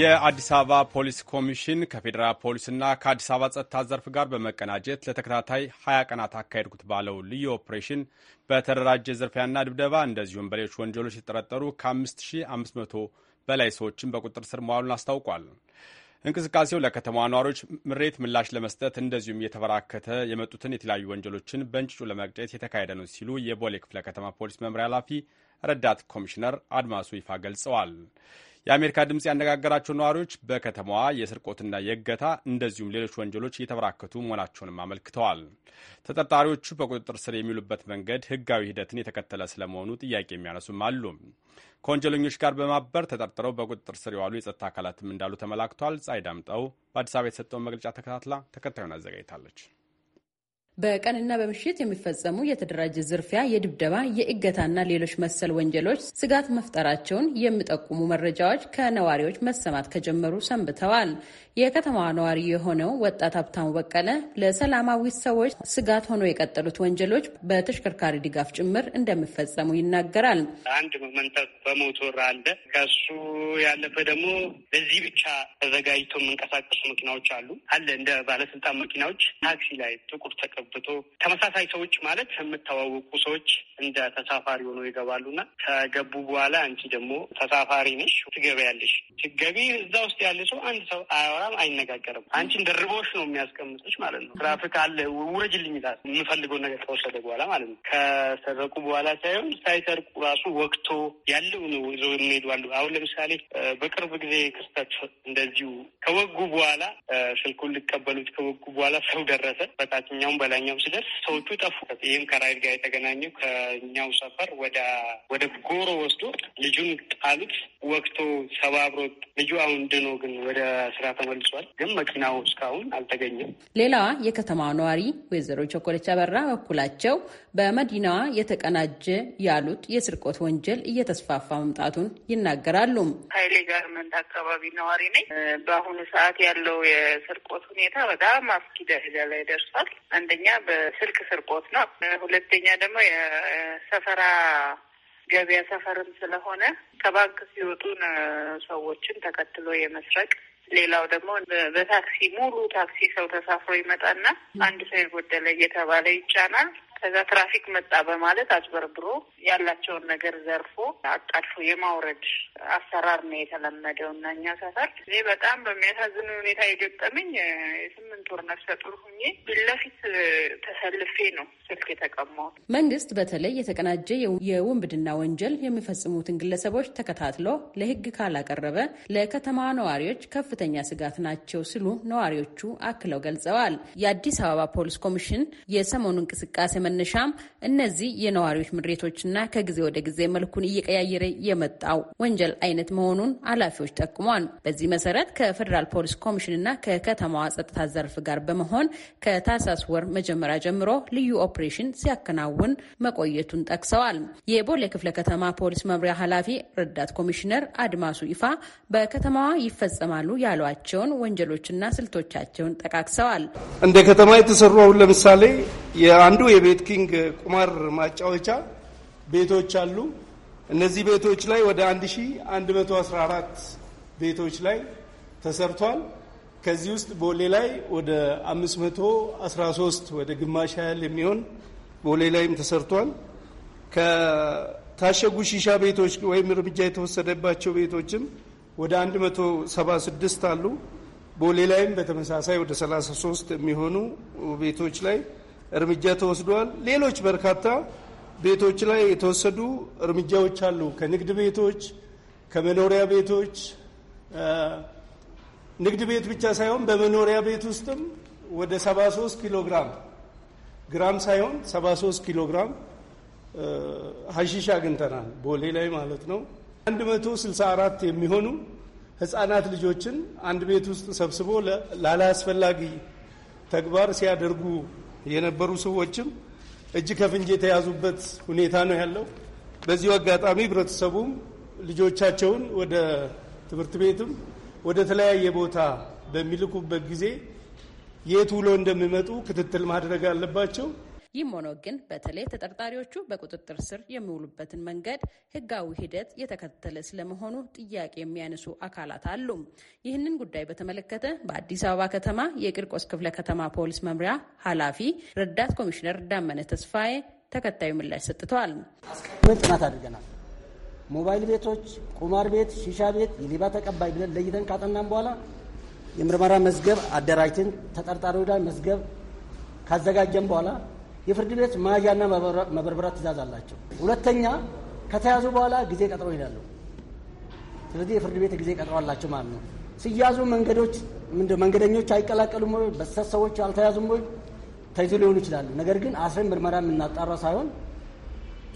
የአዲስ አበባ ፖሊስ ኮሚሽን ከፌዴራል ፖሊስና ከአዲስ አበባ ጸጥታ ዘርፍ ጋር በመቀናጀት ለተከታታይ ሀያ ቀናት አካሄድኩት ባለው ልዩ ኦፕሬሽን በተደራጀ ዝርፊያና ድብደባ እንደዚሁም በሌሎች ወንጀሎች የተጠረጠሩ ከ5500 በላይ ሰዎችን በቁጥር ስር መዋሉን አስታውቋል። እንቅስቃሴው ለከተማ ነዋሪዎች ምሬት ምላሽ ለመስጠት እንደዚሁም እየተበራከተ የመጡትን የተለያዩ ወንጀሎችን በእንጭጩ ለመቅጨት የተካሄደ ነው ሲሉ የቦሌ ክፍለ ከተማ ፖሊስ መምሪያ ኃላፊ ረዳት ኮሚሽነር አድማሱ ይፋ ገልጸዋል። የአሜሪካ ድምፅ ያነጋገራቸው ነዋሪዎች በከተማዋ የስርቆትና የእገታ እንደዚሁም ሌሎች ወንጀሎች እየተበራከቱ መሆናቸውንም አመልክተዋል። ተጠርጣሪዎቹ በቁጥጥር ስር የሚሉበት መንገድ ሕጋዊ ሂደትን የተከተለ ስለመሆኑ ጥያቄ የሚያነሱም አሉ። ከወንጀለኞች ጋር በማበር ተጠርጥረው በቁጥጥር ስር የዋሉ የጸጥታ አካላትም እንዳሉ ተመላክቷል። ፀሐይ ዳምጠው በአዲስ አበባ የተሰጠውን መግለጫ ተከታትላ ተከታዩን አዘጋጅታለች። በቀንና በምሽት የሚፈጸሙ የተደራጀ ዝርፊያ፣ የድብደባ፣ የእገታና ሌሎች መሰል ወንጀሎች ስጋት መፍጠራቸውን የሚጠቁሙ መረጃዎች ከነዋሪዎች መሰማት ከጀመሩ ሰንብተዋል። የከተማዋ ነዋሪ የሆነው ወጣት ሀብታሙ በቀለ ለሰላማዊ ሰዎች ስጋት ሆኖ የቀጠሉት ወንጀሎች በተሽከርካሪ ድጋፍ ጭምር እንደሚፈጸሙ ይናገራል። አንድ መንጠቅ በሞቶር አለ። ከሱ ያለፈ ደግሞ በዚህ ብቻ ተዘጋጅቶ የምንቀሳቀሱ መኪናዎች አሉ አለ እንደ ባለስልጣን መኪናዎች ታክሲ ላይ ጥቁር ተቀ አስገብቶ ተመሳሳይ ሰዎች ማለት የምታዋወቁ ሰዎች እንደ ተሳፋሪ ሆነው ይገባሉና ከገቡ በኋላ አንቺ ደግሞ ተሳፋሪ ነሽ ትገቢያለሽ። ትገቢ እዛ ውስጥ ያለ ሰው አንድ ሰው አያወራም፣ አይነጋገርም። አንቺን ደርቦሽ ነው የሚያስቀምጥሽ ማለት ነው። ትራፊክ አለ ውረጅልኝ ይላል የምፈልገውን ነገር ከወሰደ በኋላ ማለት ነው። ከሰረቁ በኋላ ሳይሆን ሳይሰርቁ ራሱ ወቅቶ ያለው ነው ይዞ የሚሄዱ አሁን ለምሳሌ በቅርብ ጊዜ ክስተት እንደዚሁ ከወጉ በኋላ ስልኩን ሊቀበሉት ከወጉ በኋላ ሰው ደረሰ በታችኛውም ላይኛው ስደርስ ሰዎቹ ጠፉ። ይህም ከራይድ ጋር የተገናኘ ከኛው ሰፈር ወደ ወደ ጎሮ ወስዶ ልጁን ጣሉት። ወቅቶ ሰባብሮ ልጁ አሁን ድኖ ግን ወደ ስራ ተመልሷል። ግን መኪናው እስካሁን አልተገኘም። ሌላዋ የከተማዋ ነዋሪ ወይዘሮ ቸኮለች አበራ በኩላቸው በመዲናዋ የተቀናጀ ያሉት የስርቆት ወንጀል እየተስፋፋ መምጣቱን ይናገራሉ። ኃይሌ ጋርመንት አካባቢ ነዋሪ ነኝ። በአሁኑ ሰዓት ያለው የስርቆት ሁኔታ በጣም አስጊ ደረጃ ላይ ደርሷል። አንደኛ አንደኛ በስልክ ስርቆት ነው። ሁለተኛ ደግሞ የሰፈራ ገበያ ሰፈርም ስለሆነ ከባንክ ሲወጡ ሰዎችን ተከትሎ የመስረቅ ሌላው ደግሞ በታክሲ ሙሉ ታክሲ ሰው ተሳፍሮ ይመጣና አንድ ሰው የጎደለ እየተባለ ይጫናል። ከዛ ትራፊክ መጣ በማለት አጭበርብሮ ያላቸውን ነገር ዘርፎ አጣድፎ የማውረድ አሰራር ነው የተለመደው እና እኛ ሰፈር እኔ በጣም በሚያሳዝን ሁኔታ የገጠመኝ የስምንት ወር ነፍሰ ጡር ሁኜ ፊት ለፊት ተሰልፌ ነው ስልክ የተቀማሁት። መንግስት በተለይ የተቀናጀ የውንብድና ወንጀል የሚፈጽሙትን ግለሰቦች ተከታትሎ ለህግ ካላቀረበ ለከተማ ነዋሪዎች ከፍተኛ ስጋት ናቸው ሲሉ ነዋሪዎቹ አክለው ገልጸዋል። የአዲስ አበባ ፖሊስ ኮሚሽን የሰሞኑ እንቅስቃሴ መነሻም እነዚህ የነዋሪዎች ምሬቶችና ከጊዜ ወደ ጊዜ መልኩን እየቀያየረ የመጣው ወንጀል አይነት መሆኑን ኃላፊዎች ጠቅሟል። በዚህ መሰረት ከፌዴራል ፖሊስ ኮሚሽንና ከከተማዋ ጸጥታ ዘርፍ ጋር በመሆን ከታህሳስ ወር መጀመሪያ ጀምሮ ልዩ ኦፕሬሽን ሲያከናውን መቆየቱን ጠቅሰዋል። የቦሌ ክፍለ ከተማ ፖሊስ መምሪያ ኃላፊ ረዳት ኮሚሽነር አድማሱ ይፋ በከተማዋ ይፈጸማሉ ያሏቸውን ወንጀሎችና ስልቶቻቸውን ጠቃቅሰዋል። እንደ ከተማ የተሰሩ አሁን ለምሳሌ የአንዱ የቤት ኪንግ ቁማር ማጫወቻ ቤቶች አሉ። እነዚህ ቤቶች ላይ ወደ 1114 ቤቶች ላይ ተሰርቷል። ከዚህ ውስጥ ቦሌ ላይ ወደ 513 ወደ ግማሽ ያህል የሚሆን ቦሌ ላይም ተሰርቷል። ከታሸጉ ሺሻ ቤቶች ወይም እርምጃ የተወሰደባቸው ቤቶችም ወደ 176 አሉ። ቦሌ ላይም በተመሳሳይ ወደ 33 የሚሆኑ ቤቶች ላይ እርምጃ ተወስዷል። ሌሎች በርካታ ቤቶች ላይ የተወሰዱ እርምጃዎች አሉ። ከንግድ ቤቶች፣ ከመኖሪያ ቤቶች ንግድ ቤት ብቻ ሳይሆን በመኖሪያ ቤት ውስጥም ወደ 73 ኪሎ ግራም ግራም ሳይሆን 73 ኪሎ ግራም ሀሺሽ አግኝተናል። ቦሌ ላይ ማለት ነው። 164 የሚሆኑ ህጻናት ልጆችን አንድ ቤት ውስጥ ሰብስቦ ላላስፈላጊ ተግባር ሲያደርጉ የነበሩ ሰዎችም እጅ ከፍንጅ የተያዙበት ሁኔታ ነው ያለው። በዚሁ አጋጣሚ ህብረተሰቡም ልጆቻቸውን ወደ ትምህርት ቤትም ወደ ተለያየ ቦታ በሚልኩበት ጊዜ የት ውሎ እንደሚመጡ ክትትል ማድረግ አለባቸው። ይህም ሆኖ ግን በተለይ ተጠርጣሪዎቹ በቁጥጥር ስር የሚውሉበትን መንገድ ህጋዊ ሂደት የተከተለ ስለመሆኑ ጥያቄ የሚያነሱ አካላት አሉ። ይህንን ጉዳይ በተመለከተ በአዲስ አበባ ከተማ የቂርቆስ ክፍለ ከተማ ፖሊስ መምሪያ ኃላፊ ረዳት ኮሚሽነር ዳመነ ተስፋዬ ተከታዩ ምላሽ ሰጥተዋል። ጥናት አድርገናል። ሞባይል ቤቶች፣ ቁማር ቤት፣ ሺሻ ቤት የሌባ ተቀባይ ብለን ለይተን ካጠናን በኋላ የምርመራ መዝገብ አደራጅተን ተጠርጣሪ ላይ መዝገብ ካዘጋጀን በኋላ የፍርድ ቤት መያዣና መበርበራ ትእዛዝ አላቸው። ሁለተኛ ከተያዙ በኋላ ጊዜ ቀጥሮ ይሄዳሉ። ስለዚህ የፍርድ ቤት ጊዜ ቀጥሮ አላቸው ማለት ነው። ሲያዙ መንገዶች መንገደኞች አይቀላቀሉም ወይ? በሰት ሰዎች አልተያዙም ወይ? ተይዞ ሊሆኑ ይችላሉ። ነገር ግን አስረን ምርመራ የምናጣራ ሳይሆን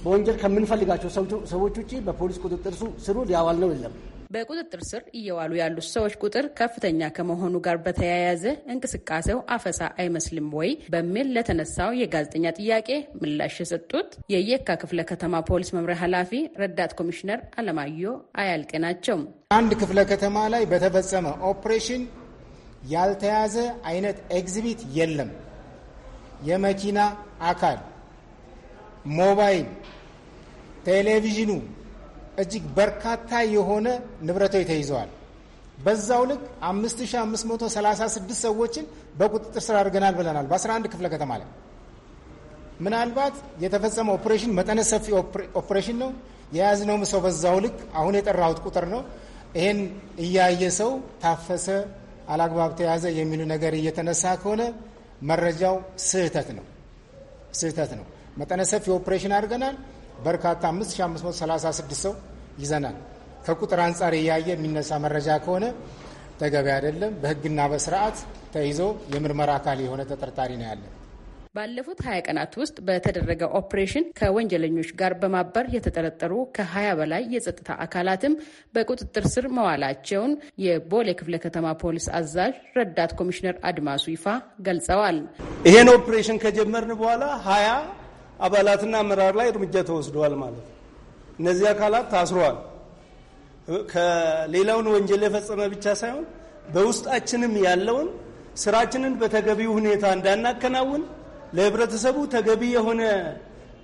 በወንጀል ከምንፈልጋቸው ሰዎች ውጭ በፖሊስ ቁጥጥር ስሩ ሊያዋል ነው የለም በቁጥጥር ስር እየዋሉ ያሉት ሰዎች ቁጥር ከፍተኛ ከመሆኑ ጋር በተያያዘ እንቅስቃሴው አፈሳ አይመስልም ወይ በሚል ለተነሳው የጋዜጠኛ ጥያቄ ምላሽ የሰጡት የየካ ክፍለ ከተማ ፖሊስ መምሪያ ኃላፊ ረዳት ኮሚሽነር አለማየሁ አያልቅ ናቸው። አንድ ክፍለ ከተማ ላይ በተፈጸመ ኦፕሬሽን ያልተያዘ አይነት ኤግዚቢት የለም። የመኪና አካል፣ ሞባይል፣ ቴሌቪዥኑ እጅግ በርካታ የሆነ ንብረቶች ተይዘዋል። በዛው ልክ 5536 ሰዎችን በቁጥጥር ስር አድርገናል ብለናል። በ11 ክፍለ ከተማ ላይ ምናልባት የተፈጸመ ኦፕሬሽን መጠነ ሰፊ ኦፕሬሽን ነው። የያዝነውም ሰው በዛው ልክ አሁን የጠራሁት ቁጥር ነው። ይሄን እያየ ሰው ታፈሰ፣ አላግባብ ተያዘ የሚሉ ነገር እየተነሳ ከሆነ መረጃው ስህተት ነው ስህተት ነው። መጠነ ሰፊ ኦፕሬሽን አድርገናል። በርካታ 5536 ሰው ይዘናል። ከቁጥር አንጻር እያየ የሚነሳ መረጃ ከሆነ ተገቢ አይደለም። በህግና በስርዓት ተይዞ የምርመራ አካል የሆነ ተጠርጣሪ ነው ያለ። ባለፉት ሀያ ቀናት ውስጥ በተደረገ ኦፕሬሽን ከወንጀለኞች ጋር በማበር የተጠረጠሩ ከሀያ በላይ የጸጥታ አካላትም በቁጥጥር ስር መዋላቸውን የቦሌ ክፍለ ከተማ ፖሊስ አዛዥ ረዳት ኮሚሽነር አድማሱ ይፋ ገልጸዋል። ይሄን ኦፕሬሽን ከጀመርን በኋላ ሀያ አባላትና አመራር ላይ እርምጃ ተወስደዋል ማለት ነው። እነዚህ አካላት ታስረዋል። ከሌላውን ወንጀል የፈጸመ ብቻ ሳይሆን በውስጣችንም ያለውን ስራችንን በተገቢው ሁኔታ እንዳናከናውን ለህብረተሰቡ ተገቢ የሆነ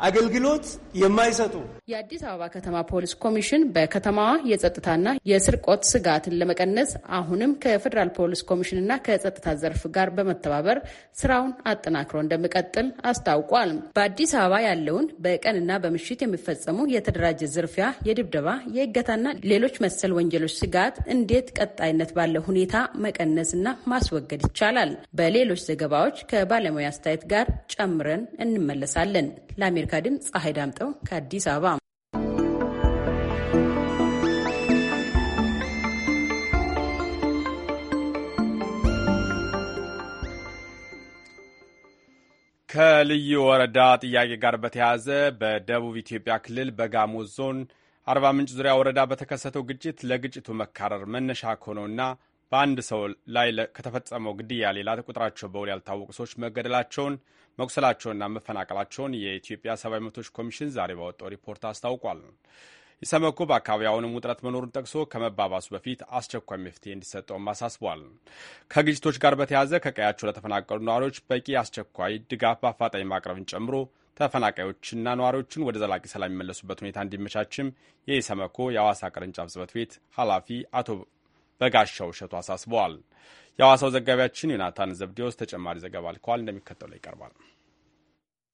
አገልግሎት የማይሰጡ የአዲስ አበባ ከተማ ፖሊስ ኮሚሽን በከተማዋ የጸጥታና የስርቆት ስጋትን ለመቀነስ አሁንም ከፌዴራል ፖሊስ ኮሚሽንና ከጸጥታ ዘርፍ ጋር በመተባበር ስራውን አጠናክሮ እንደሚቀጥል አስታውቋል። በአዲስ አበባ ያለውን በቀንና በምሽት የሚፈጸሙ የተደራጀ ዝርፊያ፣ የድብደባ፣ የእገታና ሌሎች መሰል ወንጀሎች ስጋት እንዴት ቀጣይነት ባለው ሁኔታ መቀነስና ማስወገድ ይቻላል? በሌሎች ዘገባዎች ከባለሙያ አስተያየት ጋር ጨምረን እንመለሳለን። ለአሜሪካ ድምፅ ፀሐይ ዳምጠው ከአዲስ አበባ። ከልዩ ወረዳ ጥያቄ ጋር በተያያዘ በደቡብ ኢትዮጵያ ክልል በጋሞ ዞን አርባ ምንጭ ዙሪያ ወረዳ በተከሰተው ግጭት ለግጭቱ መካረር መነሻ ከሆነውና በአንድ ሰው ላይ ከተፈጸመው ግድያ ሌላ ቁጥራቸው በውል ያልታወቁ ሰዎች መገደላቸውን መቁሰላቸውና መፈናቀላቸውን የኢትዮጵያ ሰብአዊ መብቶች ኮሚሽን ዛሬ ባወጣው ሪፖርት አስታውቋል። ኢሰመኮ በአካባቢ አሁንም ውጥረት መኖሩን ጠቅሶ ከመባባሱ በፊት አስቸኳይ መፍትሄ እንዲሰጠውም አሳስቧል። ከግጭቶች ጋር በተያያዘ ከቀያቸው ለተፈናቀሉ ነዋሪዎች በቂ አስቸኳይ ድጋፍ በአፋጣኝ ማቅረብን ጨምሮ ተፈናቃዮችና ነዋሪዎችን ወደ ዘላቂ ሰላም የሚመለሱበት ሁኔታ እንዲመቻችም የኢሰመኮ የአዋሳ ቅርንጫፍ ጽበት ቤት ኃላፊ አቶ በጋሻው እሸቱ አሳስበዋል። የሐዋሳው ዘጋቢያችን ዮናታን ዘብዴዎስ ተጨማሪ ዘገባ ልከዋል፣ እንደሚከተለው ይቀርባል።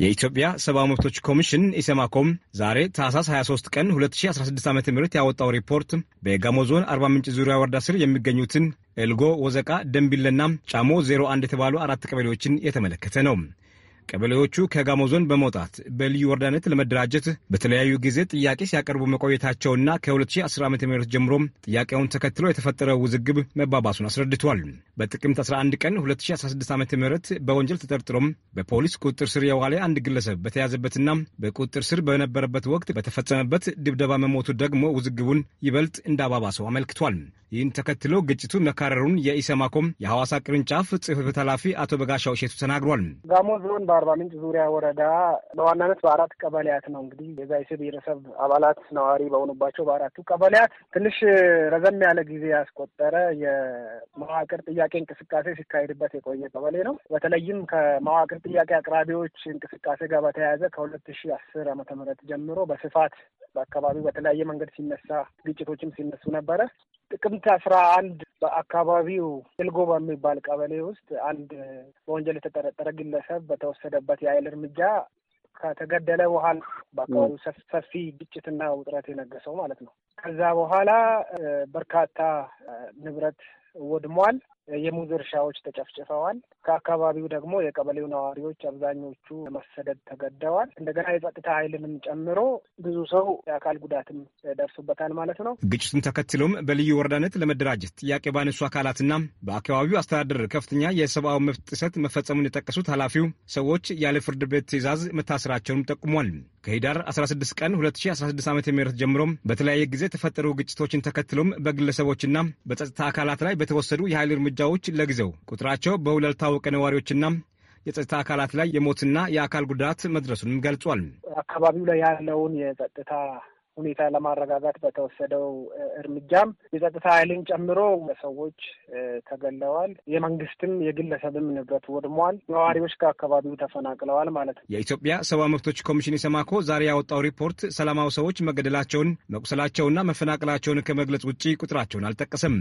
የኢትዮጵያ ሰብአዊ መብቶች ኮሚሽን ኢሰማኮም ዛሬ ታህሳስ 23 ቀን 2016 ዓ ም ያወጣው ሪፖርት በጋሞ ዞን አርባ ምንጭ ዙሪያ ወረዳ ስር የሚገኙትን ኤልጎ፣ ወዘቃ፣ ደንቢለና ጫሞ 01 የተባሉ አራት ቀበሌዎችን የተመለከተ ነው። ቀበሌዎቹ ከጋሞ ዞን በመውጣት በልዩ ወረዳነት ለመደራጀት በተለያዩ ጊዜ ጥያቄ ሲያቀርቡ መቆየታቸውና ከ2010 ዓ ም ጀምሮ ጥያቄውን ተከትሎ የተፈጠረ ውዝግብ መባባሱን አስረድቷል። በጥቅምት 11 ቀን 2016 ዓ ም በወንጀል ተጠርጥሮም በፖሊስ ቁጥጥር ስር የዋለ አንድ ግለሰብ በተያዘበትና በቁጥጥር ስር በነበረበት ወቅት በተፈጸመበት ድብደባ መሞቱ ደግሞ ውዝግቡን ይበልጥ እንዳባባሰው አመልክቷል። ይህን ተከትሎ ግጭቱ መካረሩን የኢሰማኮም የሐዋሳ ቅርንጫፍ ጽሕፈት ኃላፊ አቶ በጋሻው እሸቱ ተናግሯል። ጋሞ ዞን አርባ ምንጭ ዙሪያ ወረዳ በዋናነት በአራት ቀበሌያት ነው እንግዲህ የዛይሴ ብሔረሰብ አባላት ነዋሪ በሆኑባቸው በአራቱ ቀበሌያት ትንሽ ረዘም ያለ ጊዜ ያስቆጠረ የመዋቅር ጥያቄ እንቅስቃሴ ሲካሄድበት የቆየ ቀበሌ ነው። በተለይም ከመዋቅር ጥያቄ አቅራቢዎች እንቅስቃሴ ጋር በተያያዘ ከሁለት ሺ አስር ዓመተ ምህረት ጀምሮ በስፋት በአካባቢው በተለያየ መንገድ ሲነሳ ግጭቶችም ሲነሱ ነበረ። ጥቅምት አስራ አንድ በአካባቢው ጥልጎ በሚባል ቀበሌ ውስጥ አንድ በወንጀል የተጠረጠረ ግለሰብ በተወሰነ የተወሰደበት የኃይል እርምጃ ከተገደለ በኋላ በአካባቢው ሰፊ ግጭትና ውጥረት የነገሰው ማለት ነው። ከዛ በኋላ በርካታ ንብረት ወድሟል። የሙዝ እርሻዎች ተጨፍጭፈዋል። ከአካባቢው ደግሞ የቀበሌው ነዋሪዎች አብዛኞቹ ለመሰደድ ተገደዋል። እንደገና የጸጥታ ኃይልንም ጨምሮ ብዙ ሰው የአካል ጉዳትም ደርሶበታል ማለት ነው። ግጭቱን ተከትሎም በልዩ ወረዳነት ለመደራጀት ጥያቄ ባነሱ አካላትና በአካባቢው አስተዳደር ከፍተኛ የሰብአዊ መብት ጥሰት መፈጸሙን የጠቀሱት ኃላፊው ሰዎች ያለ ፍርድ ቤት ትዕዛዝ መታሰራቸውንም ጠቁሟል። ከሂዳር 16 ቀን 2016 ዓ ም ጀምሮ በተለያየ ጊዜ የተፈጠሩ ግጭቶችን ተከትሎም በግለሰቦችና በጸጥታ አካላት ላይ በተወሰዱ የኃይል እርምጃ እርምጃዎች ለጊዜው ቁጥራቸው በውል ያልታወቀ ነዋሪዎችና የጸጥታ አካላት ላይ የሞትና የአካል ጉዳት መድረሱንም ገልጿል። አካባቢው ላይ ያለውን የጸጥታ ሁኔታ ለማረጋጋት በተወሰደው እርምጃም የጸጥታ ኃይልን ጨምሮ ሰዎች ተገለዋል። የመንግስትም የግለሰብም ንብረት ወድሟል። ነዋሪዎች ከአካባቢው ተፈናቅለዋል ማለት ነው። የኢትዮጵያ ሰብአዊ መብቶች ኮሚሽን ኢሰማኮ ዛሬ ያወጣው ሪፖርት ሰላማዊ ሰዎች መገደላቸውን፣ መቁሰላቸውና መፈናቀላቸውን ከመግለጽ ውጭ ቁጥራቸውን አልጠቀሰም።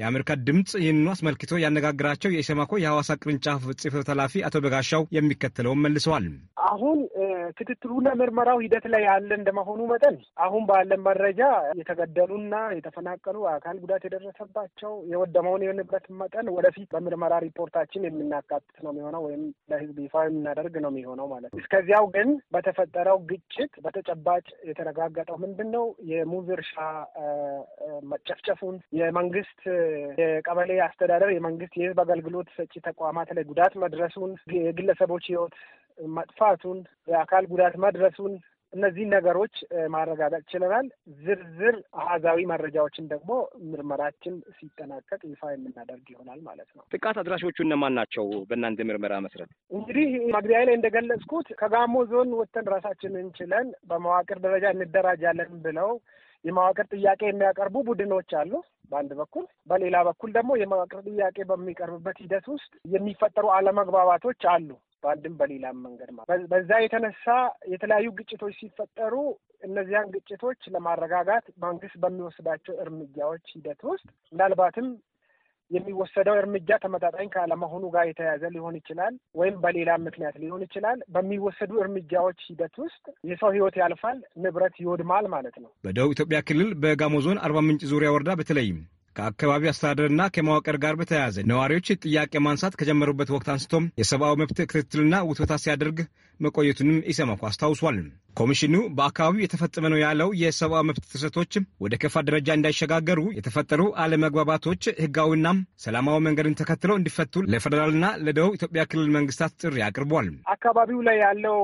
የአሜሪካ ድምፅ ይህንኑ አስመልክቶ ያነጋግራቸው የኢሰማኮ የሐዋሳ ቅርንጫፍ ጽሕፈት ኃላፊ አቶ በጋሻው የሚከተለውን መልሰዋል። አሁን ክትትሉና ምርመራው ሂደት ላይ ያለ እንደመሆኑ መጠን አሁን ባለን መረጃ የተገደሉና የተፈናቀሉ አካል ጉዳት የደረሰባቸው የወደመውን የንብረት መጠን ወደፊት በምርመራ ሪፖርታችን የምናካትት ነው የሚሆነው ወይም ለህዝብ ይፋ የምናደርግ ነው የሚሆነው ማለት ነው። እስከዚያው ግን በተፈጠረው ግጭት በተጨባጭ የተረጋገጠው ምንድን ነው? የሙዝ እርሻ መጨፍጨፉን የመንግስት የቀበሌ አስተዳደር፣ የመንግስት የህዝብ አገልግሎት ሰጪ ተቋማት ላይ ጉዳት መድረሱን፣ የግለሰቦች ህይወት መጥፋቱን፣ የአካል ጉዳት መድረሱን እነዚህን ነገሮች ማረጋገጥ ችለናል። ዝርዝር አሃዛዊ መረጃዎችን ደግሞ ምርመራችን ሲጠናቀቅ ይፋ የምናደርግ ይሆናል ማለት ነው። ጥቃት አድራሾቹ እነማን ናቸው? በእናንተ ምርመራ መሰረት እንግዲህ መግቢያ ላይ እንደገለጽኩት ከጋሞ ዞን ወጥተን ራሳችንን እንችለን በመዋቅር ደረጃ እንደራጃለን ብለው የመዋቅር ጥያቄ የሚያቀርቡ ቡድኖች አሉ በአንድ በኩል፣ በሌላ በኩል ደግሞ የመዋቅር ጥያቄ በሚቀርብበት ሂደት ውስጥ የሚፈጠሩ አለመግባባቶች አሉ በአንድም በሌላም መንገድ ማለት በዛ የተነሳ የተለያዩ ግጭቶች ሲፈጠሩ እነዚያን ግጭቶች ለማረጋጋት መንግስት በሚወስዳቸው እርምጃዎች ሂደት ውስጥ ምናልባትም የሚወሰደው እርምጃ ተመጣጣኝ ካለመሆኑ ጋር የተያያዘ ሊሆን ይችላል፣ ወይም በሌላ ምክንያት ሊሆን ይችላል። በሚወሰዱ እርምጃዎች ሂደት ውስጥ የሰው ህይወት ያልፋል፣ ንብረት ይወድማል ማለት ነው። በደቡብ ኢትዮጵያ ክልል በጋሞ ዞን አርባ ምንጭ ዙሪያ ወረዳ በተለይም ከአካባቢው አስተዳደርና ከመዋቅር ጋር በተያያዘ ነዋሪዎች ጥያቄ ማንሳት ከጀመሩበት ወቅት አንስቶም የሰብአዊ መብት ክትትልና ውትወታ ሲያደርግ መቆየቱንም ኢሰመኮ አስታውሷል። ኮሚሽኑ በአካባቢው የተፈጸመ ነው ያለው የሰብአዊ መብት ጥሰቶች ወደ ከፋ ደረጃ እንዳይሸጋገሩ የተፈጠሩ አለመግባባቶች ህጋዊና ሰላማዊ መንገድን ተከትለው እንዲፈቱ ለፌዴራልና ለደቡብ ኢትዮጵያ ክልል መንግስታት ጥሪ አቅርቧል። አካባቢው ላይ ያለው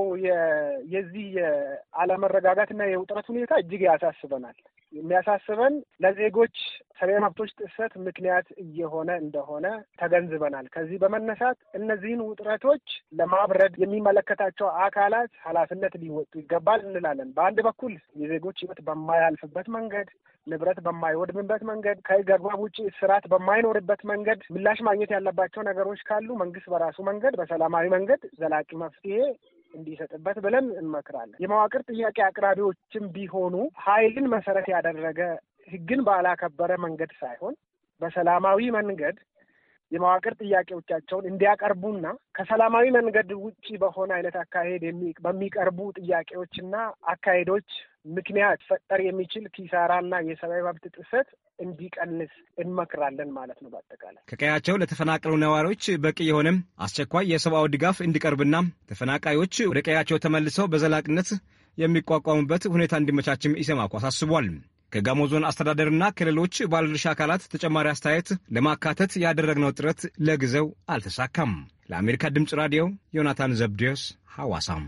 የዚህ የአለመረጋጋትና የውጥረት ሁኔታ እጅግ ያሳስበናል። የሚያሳስበን ለዜጎች ሰብአዊ መብቶች ጥሰት ምክንያት እየሆነ እንደሆነ ተገንዝበናል። ከዚህ በመነሳት እነዚህን ውጥረቶች ለማብረድ የሚመለከታቸው አካላት ኃላፊነት ሊወጡ ይገባል እንላለን። በአንድ በኩል የዜጎች ህይወት በማያልፍበት መንገድ፣ ንብረት በማይወድምበት መንገድ፣ ከሕግ አግባብ ውጭ ስርዓት በማይኖርበት መንገድ ምላሽ ማግኘት ያለባቸው ነገሮች ካሉ መንግስት በራሱ መንገድ በሰላማዊ መንገድ ዘላቂ መፍትሄ እንዲሰጥበት ብለን እንመክራለን። የመዋቅር ጥያቄ አቅራቢዎችም ቢሆኑ ኃይልን መሰረት ያደረገ ህግን ባላከበረ መንገድ ሳይሆን በሰላማዊ መንገድ የመዋቅር ጥያቄዎቻቸውን እንዲያቀርቡና ከሰላማዊ መንገድ ውጪ በሆነ አይነት አካሄድ በሚቀርቡ ጥያቄዎችና አካሄዶች ምክንያት ፈጠር የሚችል ኪሳራና የሰብአዊ መብት ጥሰት እንዲቀንስ እንመክራለን ማለት ነው። በአጠቃላይ ከቀያቸው ለተፈናቀሉ ነዋሪዎች በቂ የሆነም አስቸኳይ የሰብአዊ ድጋፍ እንዲቀርብና ተፈናቃዮች ወደ ቀያቸው ተመልሰው በዘላቂነት የሚቋቋሙበት ሁኔታ እንዲመቻችም ኢሰማኮ አሳስቧል። ከጋሞ ዞን አስተዳደርና ከሌሎች ባለድርሻ አካላት ተጨማሪ አስተያየት ለማካተት ያደረግነው ጥረት ለጊዜው አልተሳካም። ለአሜሪካ ድምፅ ራዲዮ ዮናታን ዘብዴዎስ ሐዋሳም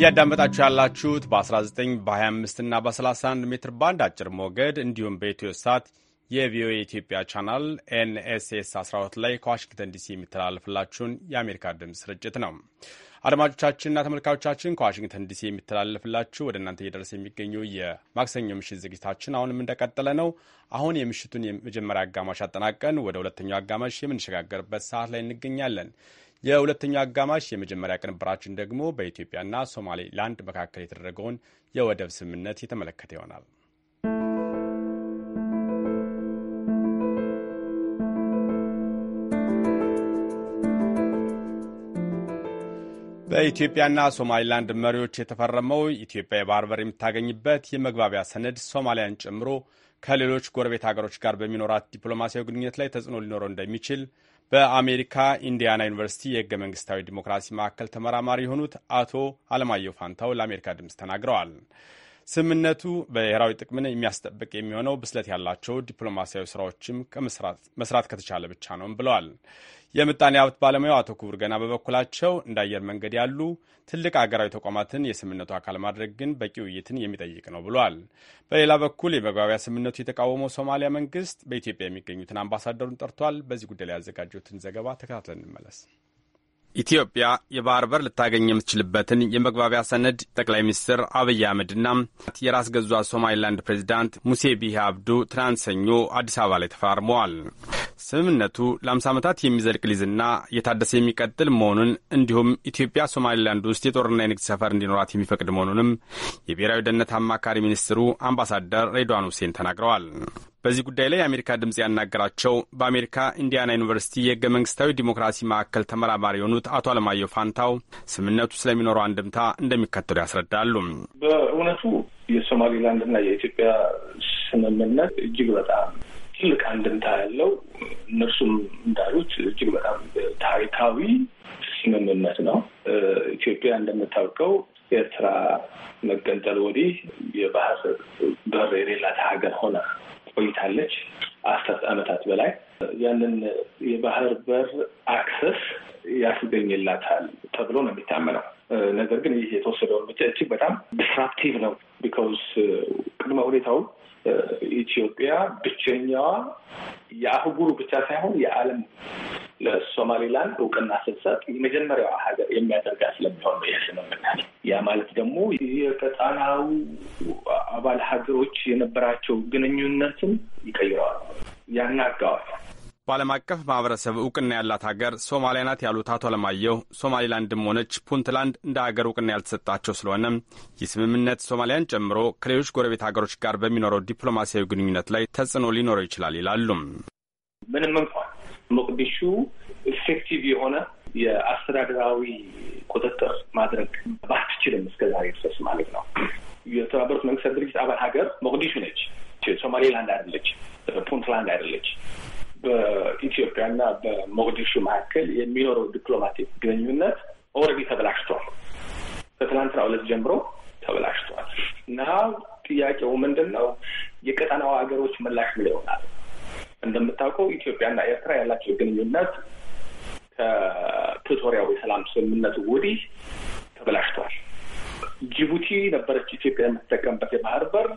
እያዳመጣችሁ ያላችሁት በ19 በ25 እና በ31 ሜትር ባንድ አጭር ሞገድ እንዲሁም በኢትዮ ሳት የቪኦኤ ኢትዮጵያ ቻናል ኤንኤስኤስ 12 ላይ ከዋሽንግተን ዲሲ የሚተላለፍላችሁን የአሜሪካ ድምፅ ስርጭት ነው። አድማጮቻችንና ተመልካቾቻችን ከዋሽንግተን ዲሲ የሚተላለፍላችሁ ወደ እናንተ እየደረሰ የሚገኘው የማክሰኞ ምሽት ዝግጅታችን አሁንም እንደቀጠለ ነው። አሁን የምሽቱን የመጀመሪያ አጋማሽ አጠናቀን ወደ ሁለተኛው አጋማሽ የምንሸጋገርበት ሰዓት ላይ እንገኛለን። የሁለተኛው አጋማሽ የመጀመሪያ ቅንብራችን ደግሞ በኢትዮጵያና ሶማሌላንድ መካከል የተደረገውን የወደብ ስምምነት የተመለከተ ይሆናል። በኢትዮጵያና ሶማሊላንድ መሪዎች የተፈረመው ኢትዮጵያ የባህር በር የምታገኝበት የመግባቢያ ሰነድ ሶማሊያን ጨምሮ ከሌሎች ጎረቤት ሀገሮች ጋር በሚኖራት ዲፕሎማሲያዊ ግንኙነት ላይ ተጽዕኖ ሊኖረው እንደሚችል በአሜሪካ ኢንዲያና ዩኒቨርሲቲ የህገ መንግስታዊ ዲሞክራሲ ማዕከል ተመራማሪ የሆኑት አቶ አለማየሁ ፋንታው ለአሜሪካ ድምፅ ተናግረዋል። ስምምነቱ ብሔራዊ ጥቅምን የሚያስጠብቅ የሚሆነው ብስለት ያላቸው ዲፕሎማሲያዊ ስራዎችም መስራት ከተቻለ ብቻ ነውም ብለዋል። የምጣኔ ሀብት ባለሙያው አቶ ክቡር ገና በበኩላቸው እንደ አየር መንገድ ያሉ ትልቅ አገራዊ ተቋማትን የስምምነቱ አካል ማድረግ ግን በቂ ውይይትን የሚጠይቅ ነው ብሏል። በሌላ በኩል የመግባቢያ ስምምነቱ የተቃወመው ሶማሊያ መንግስት በኢትዮጵያ የሚገኙትን አምባሳደሩን ጠርቷል። በዚህ ጉዳይ ላይ ያዘጋጀትን ዘገባ ተከታትለን እንመለስ። ኢትዮጵያ የባህር በር ልታገኝ የምትችልበትን የመግባቢያ ሰነድ ጠቅላይ ሚኒስትር አብይ አህመድና የራስ ገዟ ሶማሊላንድ ፕሬዚዳንት ሙሴ ቢሄ አብዱ ትናንት ሰኞ አዲስ አበባ ላይ ተፈራርመዋል። ስምምነቱ ለአምሳ ዓመታት የሚዘልቅ ሊዝና እየታደሰ የሚቀጥል መሆኑን እንዲሁም ኢትዮጵያ ሶማሊላንድ ውስጥ የጦርና የንግድ ሰፈር እንዲኖራት የሚፈቅድ መሆኑንም የብሔራዊ ደህንነት አማካሪ ሚኒስትሩ አምባሳደር ሬድዋን ሁሴን ተናግረዋል። በዚህ ጉዳይ ላይ የአሜሪካ ድምፅ ያናገራቸው በአሜሪካ ኢንዲያና ዩኒቨርሲቲ የህገ መንግስታዊ ዲሞክራሲ ማዕከል ተመራማሪ የሆኑት አቶ አለማየሁ ፋንታው ስምነቱ ስለሚኖረው አንድምታ እንደሚከተሉ ያስረዳሉ። በእውነቱ የሶማሌላንድና የኢትዮጵያ ስምምነት እጅግ በጣም ትልቅ አንድምታ ያለው እነርሱም እንዳሉት እጅግ በጣም ታሪካዊ ስምምነት ነው። ኢትዮጵያ እንደምታውቀው ኤርትራ መገንጠል ወዲህ የባህር በር የሌላት ሀገር ሆና ቆይታለች። አስር ዓመታት በላይ ያንን የባህር በር አክሰስ ያስገኝላታል ተብሎ ነው የሚታመነው። ነገር ግን ይህ የተወሰደው እርምጃ እጅግ በጣም ዲስራፕቲቭ ነው። ቢካውስ ቅድመ ሁኔታው ኢትዮጵያ ብቸኛዋ የአህጉሩ ብቻ ሳይሆን የዓለም ለሶማሌላንድ እውቅና ስትሰጥ የመጀመሪያዋ ሀገር የሚያደርጋ ስለሚሆን ነው ያስነምናል። ያ ማለት ደግሞ የቀጣናው አባል ሀገሮች የነበራቸው ግንኙነትን ይቀይረዋል፣ ያናጋዋል። በዓለም አቀፍ ማህበረሰብ እውቅና ያላት ሀገር ሶማሊያ ናት ያሉት አቶ አለማየሁ ሶማሊላንድም ሆነች ፑንትላንድ እንደ ሀገር እውቅና ያልተሰጣቸው ስለሆነም ይህ ስምምነት ሶማሊያን ጨምሮ ከሌሎች ጎረቤት ሀገሮች ጋር በሚኖረው ዲፕሎማሲያዊ ግንኙነት ላይ ተጽዕኖ ሊኖረው ይችላል ይላሉም። ምንም እንኳን ሞቅዲሹ ኢፌክቲቭ የሆነ የአስተዳደራዊ ቁጥጥር ማድረግ ባትችልም እስከዛሬ ድረስ ማለት ነው የተባበሩት መንግስታት ድርጅት አባል ሀገር ሞቅዲሹ ነች። ሶማሌላንድ አይደለች፣ ፑንትላንድ አይደለች። በኢትዮጵያና በሞቅዲሹ መካከል የሚኖረው ዲፕሎማቲክ ግንኙነት ኦልሬዲ ተበላሽቷል። ከትናንትና ዕለት ጀምሮ ተበላሽቷል እና ጥያቄው ምንድን ነው? የቀጠናው ሀገሮች ምላሽ ምን ይሆናል? እንደምታውቀው ኢትዮጵያና ኤርትራ ያላቸው ግንኙነት ከፕሪቶሪያው የሰላም ስምምነቱ ወዲህ ተበላሽቷል። ጅቡቲ ነበረች ኢትዮጵያ የምትጠቀምበት የባህር በር።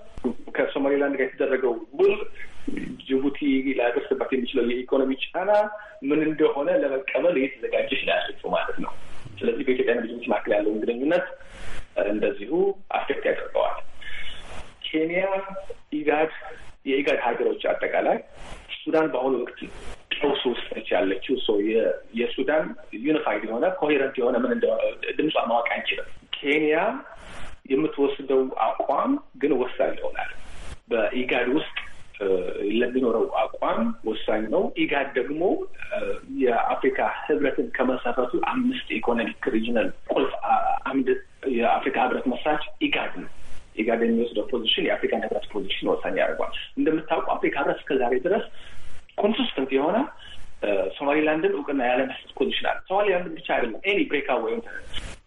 ከሶማሌላንድ ጋር የተደረገው ውል ጅቡቲ ሊያደርስበት የሚችለው የኢኮኖሚ ጫና ምን እንደሆነ ለመቀበል እየተዘጋጀች ያለችው ማለት ነው። ስለዚህ በኢትዮጵያና ጅቡቲ መካከል ያለውን ግንኙነት እንደዚሁ አፌክት ያደርገዋል። ኬንያ ኢጋድ የኢጋድ ሀገሮች አጠቃላይ ሱዳን በአሁኑ ወቅት ቀውስ ውስጥ ነች ያለችው። ሰው የሱዳን ዩኒፋይድ የሆነ ኮሄረንት የሆነ ምን ድምጿ ማወቅ አንችልም። ኬንያ የምትወስደው አቋም ግን ወሳኝ ይሆናል። በኢጋድ ውስጥ ለሚኖረው አቋም ወሳኝ ነው። ኢጋድ ደግሞ የአፍሪካ ህብረትን ከመሰረቱ አምስት ኢኮኖሚክ ሪጅናል ቁልፍ አምድ የአፍሪካ ህብረት መስራች ኢጋድ ነው። ኢጋድ የሚወስደው ፖዚሽን የአፍሪካን ህብረት ፖዚሽን ወሳኝ ያደርጓል። እንደምታውቁ አፍሪካ ህብረት እስከ ዛሬ ድረስ ኮንሲስተንት የሆነ ሶማሊላንድን እውቅና ያለመስጠት ፖዚሽን አለ። ሶማሊላንድን ብቻ አይደለም ኤኒ ብሬካ ወይም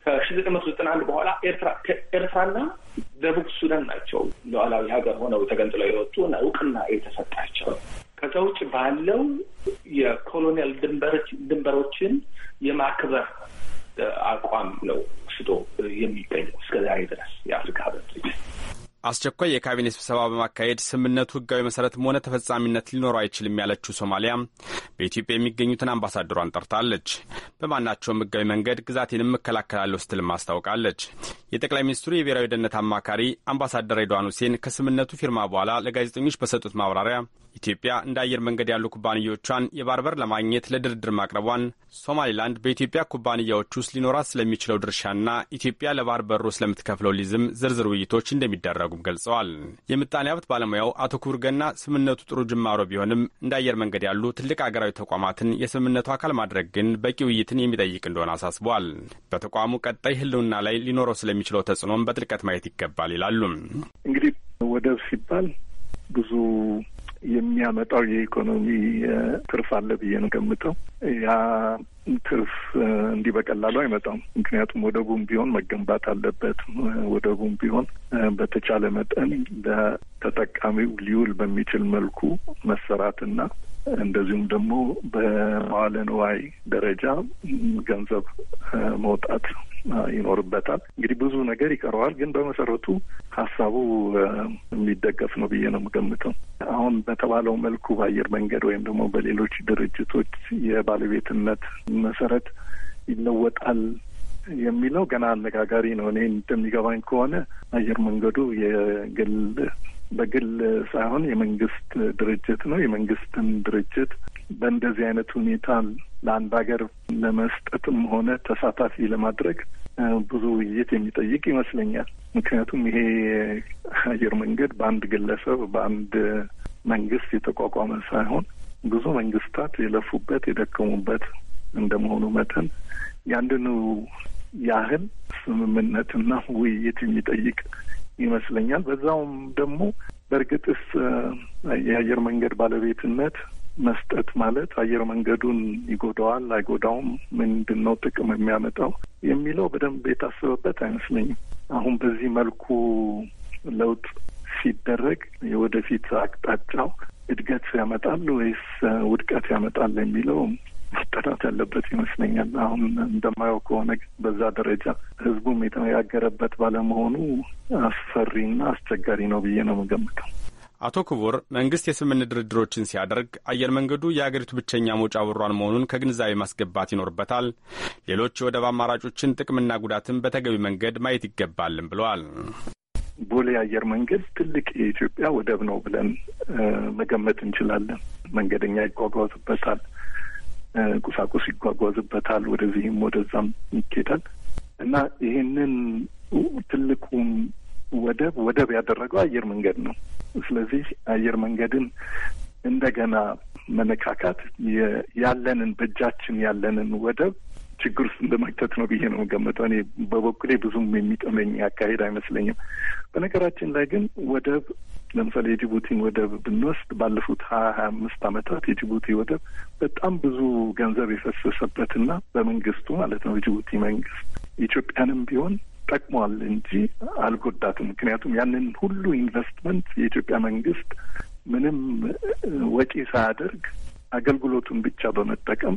ከሺ ዘጠኝ መቶ ዘጠና አንድ በኋላ ኤርትራ ኤርትራና ደቡብ ሱዳን ናቸው ሉዓላዊ ሀገር ሆነው ተገንጥለው የወጡ እና እውቅና የተሰጣቸው። ከዛ ውጭ ባለው የኮሎኒያል ድንበሮችን የማክበር አቋም ነው ስቶ የሚገኘው እስከዛሬ ድረስ የአፍሪካ ህብረት አስቸኳይ የካቢኔ ስብሰባ በማካሄድ ስምምነቱ ህጋዊ መሰረትም ሆነ ተፈጻሚነት ሊኖረው አይችልም ያለችው ሶማሊያ በኢትዮጵያ የሚገኙትን አምባሳደሯን ጠርታለች። በማናቸውም ህጋዊ መንገድ ግዛቴንም እከላከላለሁ ስትልም አስታውቃለች። የጠቅላይ ሚኒስትሩ የብሔራዊ ደህንነት አማካሪ አምባሳደር ሬድዋን ሁሴን ከስምምነቱ ፊርማ በኋላ ለጋዜጠኞች በሰጡት ማብራሪያ ኢትዮጵያ እንደ አየር መንገድ ያሉ ኩባንያዎቿን የባህር በር ለማግኘት ለድርድር ማቅረቧን፣ ሶማሊላንድ በኢትዮጵያ ኩባንያዎች ውስጥ ሊኖራት ስለሚችለው ድርሻና ኢትዮጵያ ለባህር በሩ ስለምትከፍለው ሊዝም ዝርዝር ውይይቶች እንደሚደረጉም ገልጸዋል። የምጣኔ ሀብት ባለሙያው አቶ ክቡር ገና ስምምነቱ ጥሩ ጅማሮ ቢሆንም እንደ አየር መንገድ ያሉ ትልቅ አገራዊ ተቋማትን የስምምነቱ አካል ማድረግ ግን በቂ ውይይትን የሚጠይቅ እንደሆነ አሳስቧል። በተቋሙ ቀጣይ ህልውና ላይ ሊኖረው ስለሚችለው ተጽዕኖም በጥልቀት ማየት ይገባል ይላሉ። እንግዲህ ወደብ ሲባል ብዙ የሚያመጣው የኢኮኖሚ ትርፍ አለ ብዬ ነው ገምተው። ያ ትርፍ እንዲህ በቀላሉ አይመጣም። ምክንያቱም ወደቡም ቢሆን መገንባት አለበት። ወደቡም ቢሆን በተቻለ መጠን ለተጠቃሚው ሊውል በሚችል መልኩ መሰራትና እንደዚሁም ደግሞ በመዋለ ንዋይ ደረጃ ገንዘብ መውጣት ይኖርበታል። እንግዲህ ብዙ ነገር ይቀረዋል፣ ግን በመሰረቱ ሀሳቡ የሚደገፍ ነው ብዬ ነው የምገምተው። አሁን በተባለው መልኩ በአየር መንገድ ወይም ደግሞ በሌሎች ድርጅቶች የባለቤትነት መሰረት ይለወጣል የሚለው ገና አነጋጋሪ ነው። እኔ እንደሚገባኝ ከሆነ አየር መንገዱ የግል በግል ሳይሆን የመንግስት ድርጅት ነው። የመንግስትን ድርጅት በእንደዚህ አይነት ሁኔታ ለአንድ ሀገር ለመስጠትም ሆነ ተሳታፊ ለማድረግ ብዙ ውይይት የሚጠይቅ ይመስለኛል። ምክንያቱም ይሄ አየር መንገድ በአንድ ግለሰብ በአንድ መንግስት የተቋቋመ ሳይሆን ብዙ መንግስታት የለፉበት የደከሙበት እንደመሆኑ መጠን ያንድኑ ያህል ስምምነትና ውይይት የሚጠይቅ ይመስለኛል። በዛውም ደግሞ በእርግጥስ የአየር መንገድ ባለቤትነት መስጠት ማለት አየር መንገዱን ይጎዳዋል አይጎዳውም፣ ምንድን ነው ጥቅም የሚያመጣው የሚለው በደንብ የታሰበበት አይመስለኝም። አሁን በዚህ መልኩ ለውጥ ሲደረግ የወደፊት አቅጣጫው እድገት ያመጣል ወይስ ውድቀት ያመጣል የሚለው መጠናት ያለበት ይመስለኛል። አሁን እንደማየው ከሆነ በዛ ደረጃ ህዝቡም የተነጋገረበት ባለመሆኑ አስፈሪና አስቸጋሪ ነው ብዬ ነው የምገምተው። አቶ ክቡር መንግስት የስምምነት ድርድሮችን ሲያደርግ አየር መንገዱ የአገሪቱ ብቸኛ መውጫ በሯን መሆኑን ከግንዛቤ ማስገባት ይኖርበታል። ሌሎች የወደብ አማራጮችን ጥቅምና ጉዳትን በተገቢ መንገድ ማየት ይገባልም ብለዋል። ቦሌ አየር መንገድ ትልቅ የኢትዮጵያ ወደብ ነው ብለን መገመት እንችላለን። መንገደኛ ይጓጓዝበታል። ቁሳቁስ ይጓጓዝበታል፣ ወደዚህም ወደዛም ይኬዳል እና ይሄንን ትልቁም ወደብ ወደብ ያደረገው አየር መንገድ ነው። ስለዚህ አየር መንገድን እንደገና መነካካት ያለንን በእጃችን ያለንን ወደብ ችግር ውስጥ እንደመክተት ነው ብዬ ነው የምገምተው። እኔ በበኩሌ ብዙም የሚጠመኝ አካሄድ አይመስለኝም። በነገራችን ላይ ግን ወደብ ለምሳሌ የጅቡቲን ወደብ ብንወስድ ባለፉት ሀያ ሀያ አምስት ዓመታት የጅቡቲ ወደብ በጣም ብዙ ገንዘብ የፈሰሰበትና በመንግስቱ ማለት ነው የጅቡቲ መንግስት ኢትዮጵያንም ቢሆን ጠቅሟል እንጂ አልጎዳትም። ምክንያቱም ያንን ሁሉ ኢንቨስትመንት የኢትዮጵያ መንግስት ምንም ወጪ ሳያደርግ አገልግሎቱን ብቻ በመጠቀም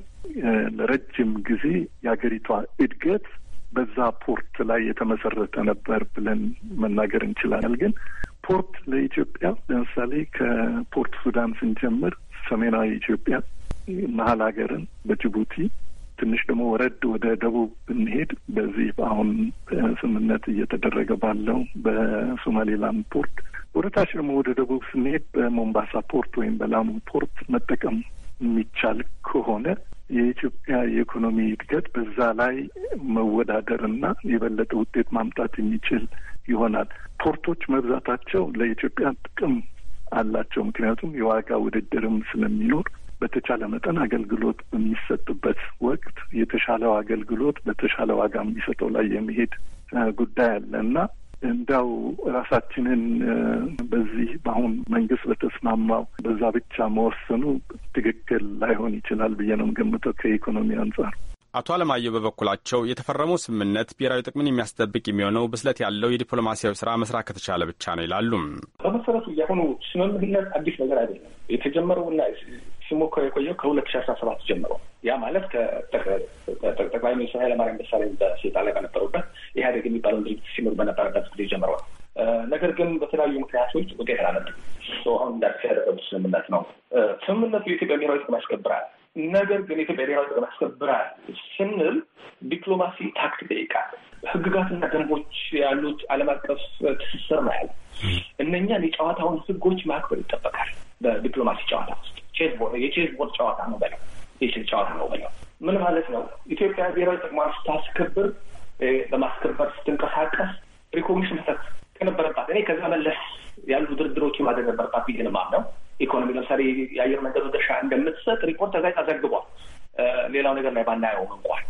ለረጅም ጊዜ የሀገሪቷ እድገት በዛ ፖርት ላይ የተመሰረተ ነበር ብለን መናገር እንችላለን። ግን ፖርት ለኢትዮጵያ ለምሳሌ ከፖርት ሱዳን ስንጀምር ሰሜናዊ ኢትዮጵያ መሀል ሀገርን በጅቡቲ ትንሽ ደግሞ ወረድ ወደ ደቡብ ብንሄድ በዚህ አሁን ስምምነት እየተደረገ ባለው በሶማሌላንድ ፖርት ወደ ታች ደግሞ ወደ ደቡብ ስንሄድ በሞምባሳ ፖርት ወይም በላሙ ፖርት መጠቀም የሚቻል ከሆነ የኢትዮጵያ የኢኮኖሚ እድገት በዛ ላይ መወዳደርና የበለጠ ውጤት ማምጣት የሚችል ይሆናል። ፖርቶች መብዛታቸው ለኢትዮጵያ ጥቅም አላቸው። ምክንያቱም የዋጋ ውድድርም ስለሚኖር በተቻለ መጠን አገልግሎት በሚሰጥበት ወቅት የተሻለው አገልግሎት በተሻለ ዋጋ የሚሰጠው ላይ የመሄድ ጉዳይ አለ እና እንዳው ራሳችንን በዚህ በአሁን መንግስት በተስማማው በዛ ብቻ መወሰኑ ትክክል ላይሆን ይችላል ብዬ ነው የምገምተው ከኢኮኖሚ አንጻር። አቶ አለማየሁ በበኩላቸው የተፈረመው ስምምነት ብሔራዊ ጥቅምን የሚያስጠብቅ የሚሆነው ብስለት ያለው የዲፕሎማሲያዊ ስራ መስራት ከተቻለ ብቻ ነው ይላሉ። በመሰረቱ የአሁኑ ስምምነት አዲስ ነገር አይደለም። የተጀመረውና ሲሞከር የቆየው ከሁለት ሺ አስራ ሰባት ጀምሮ ያ ማለት ከጠቅላይ ሚኒስትር ኃይለማርያም ደሳለኝ በስልጣን ላይ በነበሩበት ኢህአዴግ የሚባለውን ድርጅት ሲኖር በነበረበት ጊዜ ጀምሮ ነው። ነገር ግን በተለያዩ ምክንያቶች ውጤት አላመጡም። አሁን እንዳዲስ ያደረጉት ስምምነት ነው። ስምምነቱ የኢትዮጵያ ብሔራዊ ጥቅም ያስከብራል። ነገር ግን የኢትዮጵያ ብሔራዊ ጥቅም ያስከብራል ስንል ዲፕሎማሲ ታክት ይጠይቃል። ህግጋትና ደንቦች ያሉት ዓለም አቀፍ ትስስር ነው ያለ እነኛን የጨዋታውን ህጎች ማክበር ይጠበቃል። በዲፕሎማሲ ጨዋታ ውስጥ የቼዝ ቦርድ ጨዋታ ነው በለው የቼዝ ጨዋታ ነው በለው። ምን ማለት ነው? ኢትዮጵያ ብሔራዊ ጥቅሟን ስታስከብር በማስከበር ስትንቀሳቀስ ሪኮግኒሽን መሰት ከነበረባት እኔ ከዛ መለስ ያሉ ድርድሮች ማድረግ ነበረባት ብዬ ነው ኢኮኖሚ ለምሳሌ የአየር መንገዱ ድርሻ እንደምትሰጥ ሪፖርት ተዛይ ተዘግቧል። ሌላው ነገር ላይ ባናየውም እንኳን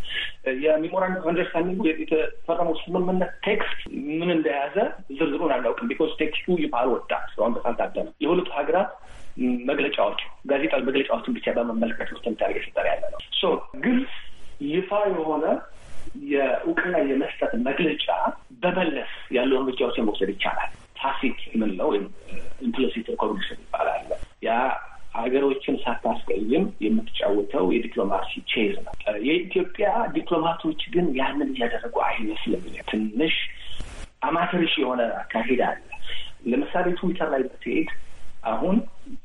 የሜሞራንድ አንደርስታንዲንግ የተፈረመው ስምምነት ቴክስት ምን እንደያዘ ዝርዝሩን አናውቅም። ቢኮዝ ቴክስቱ ይፋ አልወጣም። እስካሁን በሳልታደነ የሁለቱ ሀገራት መግለጫዎች ጋዜጣዊ መግለጫዎችን ብቻ በመመልከት ውስጥ ምታደርገ ሲጠር ያለ ነው። ሶ ግልጽ ይፋ የሆነ የእውቅና የመስጠት መግለጫ በመለስ ያሉ እርምጃዎች መውሰድ ይቻላል። ታሲት የምንለው ወይም ኢምፕሊሲት uh, ሪኮግኒሽን ይባላል። ያ ሀገሮችን ሳታስቀይም የምትጫወተው የዲፕሎማሲ ቼዝ ነው። uh, የኢትዮጵያ ዲፕሎማቶች ግን ያንን እያደረጉ አይመስልም። ትንሽ አማተሪሽ የሆነ አካሄድ አለ። ለምሳሌ ትዊተር ላይ ብትሄድ አሁን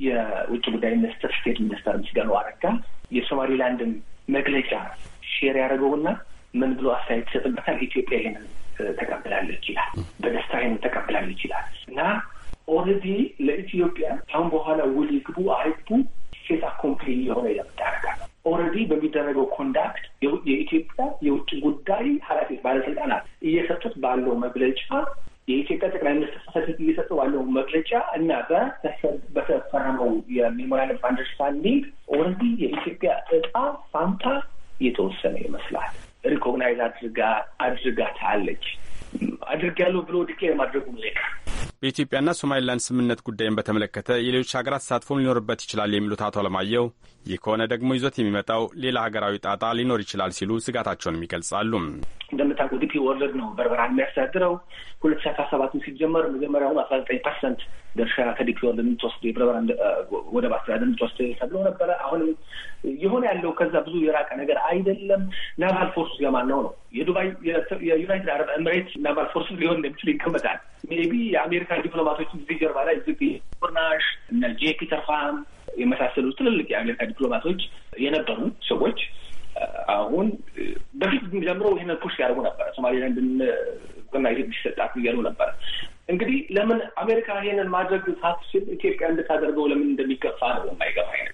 የውጭ ጉዳይ ሚኒስትር ስቴት ሚኒስተር ምስጋኑ አረጋ የሶማሌላንድን መግለጫ ሼር ያደርገውና ምን ብሎ አስተያየት ይሰጥበታል። ኢትዮጵያ ይህንን ተቀብላለች ይላል። በደስታ ይህንን ተቀብላለች ይላል እና ኦልሬዲ ለኢትዮጵያ አሁን በኋላ ውል ይግቡ አይግቡ ሴት አኮምፕሊ የሆነ የምታረጋ ኦልሬዲ በሚደረገው ኮንዳክት የኢትዮጵያ የውጭ ጉዳይ ኃላፊ ባለስልጣናት እየሰጡት ባለው መግለጫ የኢትዮጵያ ጠቅላይ ሚኒስትር ጽሕፈት ቤት እየሰጠ ባለው መግለጫ እና በተፈረመው የሜሞራንደም አንደርስታንዲንግ ኦልሬዲ የኢትዮጵያ እጣ ፋንታ የተወሰነ ይመስላል። ሪኮግናይዝ አድርጋ አድርጋታለች አድርግ ያለው ብሎ ዲክሌር ማድረጉም ሌቀር በኢትዮጵያና ሶማሌላንድ ስምምነት ጉዳይን በተመለከተ የሌሎች ሀገራት ተሳትፎም ሊኖርበት ይችላል የሚሉት አቶ አለማየሁ ይህ ከሆነ ደግሞ ይዞት የሚመጣው ሌላ ሀገራዊ ጣጣ ሊኖር ይችላል ሲሉ ስጋታቸውንም ይገልጻሉ። እንደምታውቁ ዲፒ ወርልድ ነው በርበራ የሚያስተዳድረው። ሁለት ሺ አስራ ሲጀመር መጀመሪያውኑ አስራ ዘጠኝ ፐርሰንት ድርሻ ከዲፒ ወርልድ የምትወስድ የበርበራን ወደብ አስተዳደር የምትወስድ ተብሎ ነበረ። አሁንም የሆነ ያለው ከዛ ብዙ የራቀ ነገር አይደለም። ናቫል ፎርስ የማን ነው ነው የዱባይ የዩናይትድ አረብ ኤምሬትስ ናቫል ፎርስ ሊሆን እንደሚችል ይገመታል። ሜቢ የአሜሪካ ዲፕሎማቶች እዚህ ጀርባ ላይ ዝ ርናሽ እነ ጄ ፒተር ፋም የመሳሰሉ ትልልቅ የአሜሪካ ዲፕሎማቶች የነበሩ ሰዎች አሁን በፊት ጀምሮ ይህንን ፑሽ ያደርጉ ነበረ። ሶማሌላንድ እውቅና ኢትዮጵያ ሲሰጣት እያሉ ነበረ። እንግዲህ ለምን አሜሪካ ይሄንን ማድረግ ሳትችል ኢትዮጵያ እንድታደርገው ለምን እንደሚገፋ ነው የማይገባ አይነት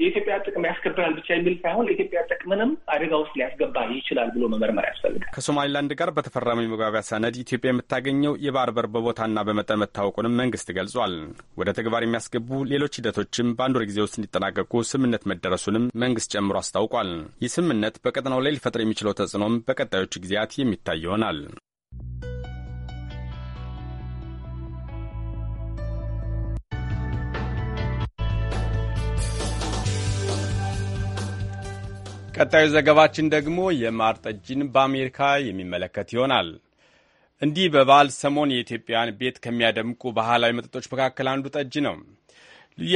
የኢትዮጵያ ጥቅም ያስከብራል ብቻ የሚል ሳይሆን የኢትዮጵያ ጥቅምንም አደጋ ውስጥ ሊያስገባ ይችላል ብሎ መመርመር ያስፈልጋል። ከሶማሊላንድ ጋር በተፈረመ መግባቢያ ሰነድ ኢትዮጵያ የምታገኘው የባህር በር በቦታና በመጠን መታወቁንም መንግስት ገልጿል። ወደ ተግባር የሚያስገቡ ሌሎች ሂደቶችም በአንድ ወር ጊዜ ውስጥ እንዲጠናቀቁ ስምምነት መደረሱንም መንግስት ጨምሮ አስታውቋል። ይህ ስምምነት በቀጠናው ላይ ሊፈጥር የሚችለው ተጽዕኖም በቀጣዮቹ ጊዜያት የሚታይ ይሆናል። ቀጣዩ ዘገባችን ደግሞ የማር ጠጅን በአሜሪካ የሚመለከት ይሆናል። እንዲህ በበዓል ሰሞን የኢትዮጵያን ቤት ከሚያደምቁ ባህላዊ መጠጦች መካከል አንዱ ጠጅ ነው። ልዩ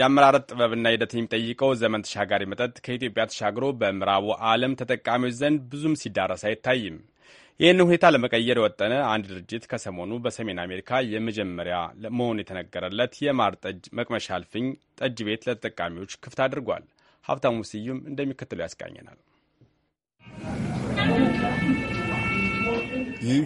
የአመራረት ጥበብና ሂደትን የሚጠይቀው ዘመን ተሻጋሪ መጠጥ ከኢትዮጵያ ተሻግሮ በምዕራቡ ዓለም ተጠቃሚዎች ዘንድ ብዙም ሲዳረስ አይታይም። ይህን ሁኔታ ለመቀየር የወጠነ አንድ ድርጅት ከሰሞኑ በሰሜን አሜሪካ የመጀመሪያ መሆኑ የተነገረለት የማር ጠጅ መቅመሻ አልፍኝ ጠጅ ቤት ለተጠቃሚዎች ክፍት አድርጓል። ሀብታሙ ስዩም እንደሚከተለው ያስቃኘናል። ይህ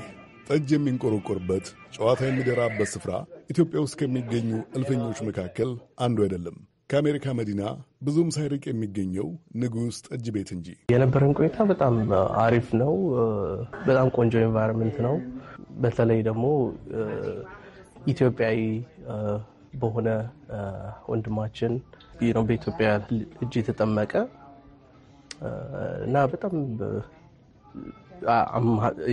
ጠጅ የሚንቆረቆርበት ጨዋታ የሚደራበት ስፍራ ኢትዮጵያ ውስጥ ከሚገኙ እልፈኞች መካከል አንዱ አይደለም። ከአሜሪካ መዲና ብዙም ሳይርቅ የሚገኘው ንጉሥ ጠጅ ቤት እንጂ። የነበረን ቆይታ በጣም አሪፍ ነው። በጣም ቆንጆ ኤንቫይሮንመንት ነው። በተለይ ደግሞ ኢትዮጵያዊ በሆነ ወንድማችን ነው በኢትዮጵያ እጅ የተጠመቀ እና በጣም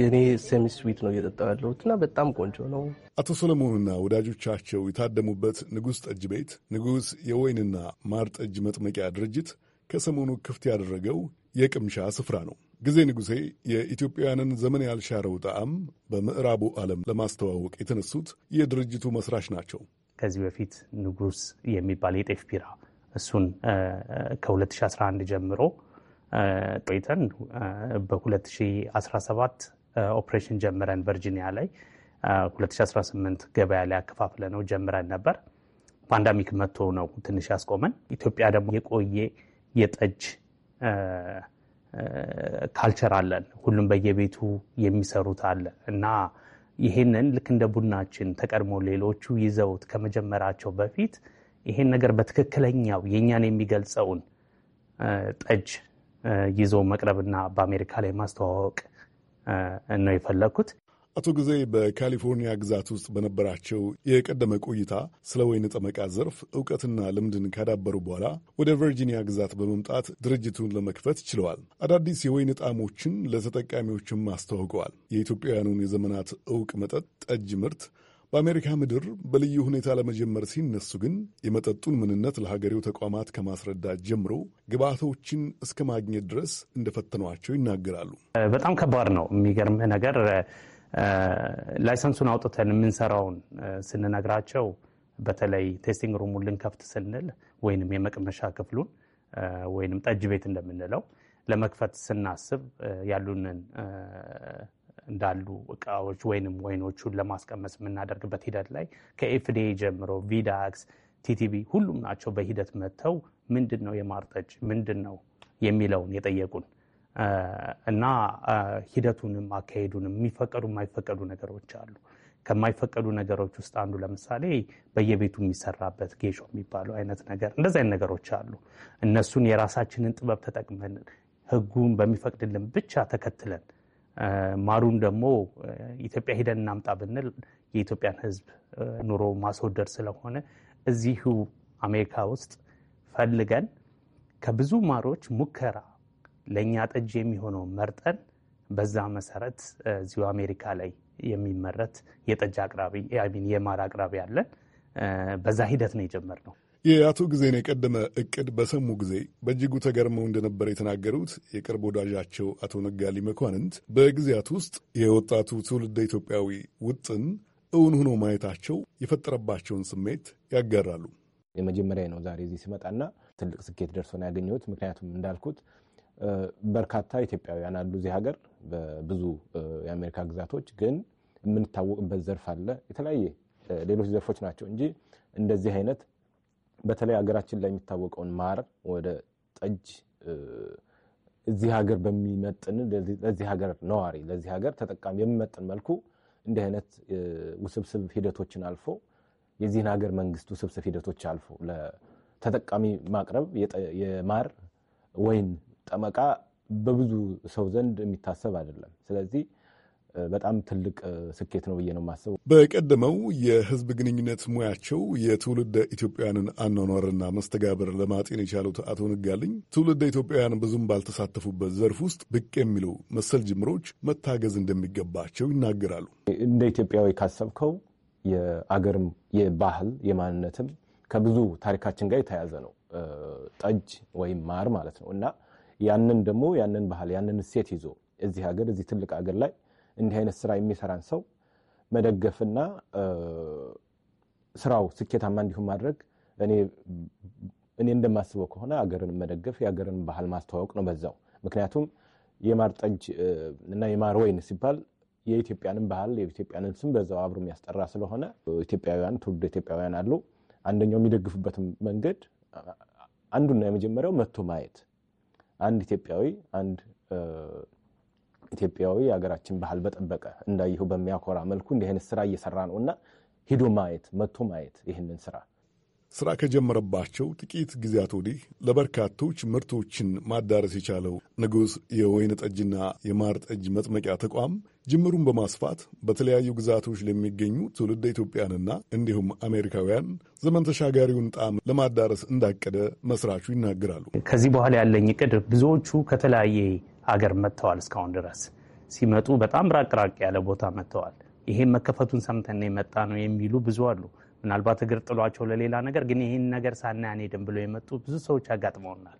እኔ ሴሚ ስዊት ነው እየጠጣሁ ያለሁት እና በጣም ቆንጆ ነው። አቶ ሰለሞንና ወዳጆቻቸው የታደሙበት ንጉሥ ጠጅ ቤት ንጉሥ የወይንና ማር ጠጅ መጥመቂያ ድርጅት ከሰሞኑ ክፍት ያደረገው የቅምሻ ስፍራ ነው። ጊዜ ንጉሴ የኢትዮጵያውያንን ዘመን ያልሻረው ጣዕም በምዕራቡ ዓለም ለማስተዋወቅ የተነሱት የድርጅቱ መስራች ናቸው። ከዚህ በፊት ንጉሥ የሚባል የጤፍ ቢራ እሱን ከ2011 ጀምሮ ቆይተን በ2017 ኦፕሬሽን ጀምረን ቨርጂኒያ ላይ 2018 ገበያ ላይ አከፋፍለ ነው ጀምረን ነበር። ፓንዳሚክ መጥቶ ነው ትንሽ ያስቆመን። ኢትዮጵያ ደግሞ የቆየ የጠጅ ካልቸር አለን። ሁሉም በየቤቱ የሚሰሩት አለ እና ይህንን ልክ እንደ ቡናችን ተቀድሞ ሌሎቹ ይዘውት ከመጀመራቸው በፊት ይሄን ነገር በትክክለኛው የእኛን የሚገልጸውን ጠጅ ይዞ መቅረብና በአሜሪካ ላይ ማስተዋወቅ ነው የፈለግኩት። አቶ ጊዜ በካሊፎርኒያ ግዛት ውስጥ በነበራቸው የቀደመ ቆይታ ስለ ወይን ጠመቃ ዘርፍ እውቀትና ልምድን ካዳበሩ በኋላ ወደ ቨርጂኒያ ግዛት በመምጣት ድርጅቱን ለመክፈት ችለዋል። አዳዲስ የወይን ጣዕሞችን ለተጠቃሚዎችም አስተዋውቀዋል። የኢትዮጵያውያኑን የዘመናት እውቅ መጠጥ ጠጅ ምርት በአሜሪካ ምድር በልዩ ሁኔታ ለመጀመር ሲነሱ ግን የመጠጡን ምንነት ለሀገሬው ተቋማት ከማስረዳት ጀምሮ ግብዓቶችን እስከ ማግኘት ድረስ እንደፈተኗቸው ይናገራሉ። በጣም ከባድ ነው። የሚገርም ነገር ላይሰንሱን አውጥተን የምንሰራውን ስንነግራቸው በተለይ ቴስቲንግ ሩሙን ልንከፍት ስንል ወይንም የመቅመሻ ክፍሉን ወይንም ጠጅ ቤት እንደምንለው ለመክፈት ስናስብ ያሉንን እንዳሉ እቃዎች ወይንም ወይኖቹን ለማስቀመስ የምናደርግበት ሂደት ላይ ከኤፍዲኤ ጀምሮ ቪዳክስ፣ ቲቲቪ ሁሉም ናቸው በሂደት መጥተው ምንድን ነው የማርጠጭ ምንድን ነው የሚለውን የጠየቁን እና ሂደቱንም አካሄዱንም የሚፈቀዱ የማይፈቀዱ ነገሮች አሉ። ከማይፈቀዱ ነገሮች ውስጥ አንዱ ለምሳሌ በየቤቱ የሚሰራበት ጌሾ የሚባለው አይነት ነገር እንደዚህ አይነት ነገሮች አሉ። እነሱን የራሳችንን ጥበብ ተጠቅመን ህጉን በሚፈቅድልን ብቻ ተከትለን ማሩን ደግሞ ኢትዮጵያ ሄደን እናምጣ ብንል የኢትዮጵያን ሕዝብ ኑሮ ማስወደድ ስለሆነ እዚሁ አሜሪካ ውስጥ ፈልገን ከብዙ ማሮች ሙከራ ለእኛ ጠጅ የሚሆነው መርጠን በዛ መሰረት እዚሁ አሜሪካ ላይ የሚመረት የጠጅ አቅራቢ የማር አቅራቢ አለን። በዛ ሂደት ነው የጀመርነው። የአቶ ጊዜን የቀደመ እቅድ በሰሙ ጊዜ በእጅጉ ተገርመው እንደነበር የተናገሩት የቅርብ ወዳጃቸው አቶ ነጋሊ መኳንንት በጊዜያት ውስጥ የወጣቱ ትውልደ ኢትዮጵያዊ ውጥን እውን ሆኖ ማየታቸው የፈጠረባቸውን ስሜት ያጋራሉ። የመጀመሪያ ነው ዛሬ እዚህ ስመጣና ትልቅ ስኬት ደርሶ ነው ያገኘሁት። ምክንያቱም እንዳልኩት በርካታ ኢትዮጵያውያን አሉ እዚህ ሀገር በብዙ የአሜሪካ ግዛቶች ግን የምንታወቅበት ዘርፍ አለ። የተለያየ ሌሎች ዘርፎች ናቸው እንጂ እንደዚህ አይነት በተለይ ሀገራችን ላይ የሚታወቀውን ማር ወደ ጠጅ እዚህ ሀገር በሚመጥን ለዚህ ሀገር ነዋሪ ለዚህ ሀገር ተጠቃሚ በሚመጥን መልኩ እንዲህ አይነት ውስብስብ ሂደቶችን አልፎ የዚህን ሀገር መንግስት ውስብስብ ሂደቶች አልፎ ለተጠቃሚ ማቅረብ የማር ወይን ጠመቃ በብዙ ሰው ዘንድ የሚታሰብ አይደለም። ስለዚህ በጣም ትልቅ ስኬት ነው ብዬ ነው የማስበው። በቀደመው የህዝብ ግንኙነት ሙያቸው የትውልደ ኢትዮጵያውያንን አኗኗርና መስተጋብር ለማጤን የቻሉት አቶ ንጋልኝ ትውልደ ኢትዮጵያውያን ብዙም ባልተሳተፉበት ዘርፍ ውስጥ ብቅ የሚሉ መሰል ጅምሮች መታገዝ እንደሚገባቸው ይናገራሉ። እንደ ኢትዮጵያዊ ካሰብከው የአገርም የባህል የማንነትም ከብዙ ታሪካችን ጋር የተያያዘ ነው ጠጅ ወይም ማር ማለት ነው እና ያንን ደግሞ ያንን ባህል ያንን እሴት ይዞ እዚህ ሀገር እዚህ ትልቅ ሀገር ላይ እንዲህ አይነት ስራ የሚሰራን ሰው መደገፍና ስራው ስኬታማ እንዲሁም ማድረግ እኔ እንደማስበው ከሆነ አገርን መደገፍ የአገርን ባህል ማስተዋወቅ ነው በዛው። ምክንያቱም የማር ጠጅ እና የማር ወይን ሲባል የኢትዮጵያንን ባህል የኢትዮጵያንን ስም በዛው አብሮ የሚያስጠራ ስለሆነ ኢትዮጵያውያን ትውልድ ኢትዮጵያውያን አሉ። አንደኛው የሚደግፉበትም መንገድ አንዱና የመጀመሪያው መጥቶ ማየት አንድ ኢትዮጵያዊ አንድ ኢትዮጵያዊ የሀገራችን ባህል በጠበቀ እንዳይሁ በሚያኮራ መልኩ እንዲህ አይነት ስራ እየሰራ ነው እና ሂዶ ማየት መጥቶ ማየት ይህንን ስራ ስራ ከጀመረባቸው ጥቂት ጊዜያት ወዲህ ለበርካቶች ምርቶችን ማዳረስ የቻለው ንጉሥ የወይን ጠጅና የማር ጠጅ መጥመቂያ ተቋም ጅምሩን በማስፋት በተለያዩ ግዛቶች ለሚገኙ ትውልደ ኢትዮጵያንና እንዲሁም አሜሪካውያን ዘመን ተሻጋሪውን ጣዕም ለማዳረስ እንዳቀደ መስራቹ ይናገራሉ። ከዚህ በኋላ ያለኝ እቅድ ብዙዎቹ ከተለያየ አገር መጥተዋል። እስካሁን ድረስ ሲመጡ በጣም ራቅ ራቅ ያለ ቦታ መጥተዋል። ይሄን መከፈቱን ሰምተን የመጣ ነው የሚሉ ብዙ አሉ። ምናልባት እግር ጥሏቸው ለሌላ ነገር ግን ይህን ነገር ሳና ያኔድን ብሎ የመጡ ብዙ ሰዎች አጋጥመውናል።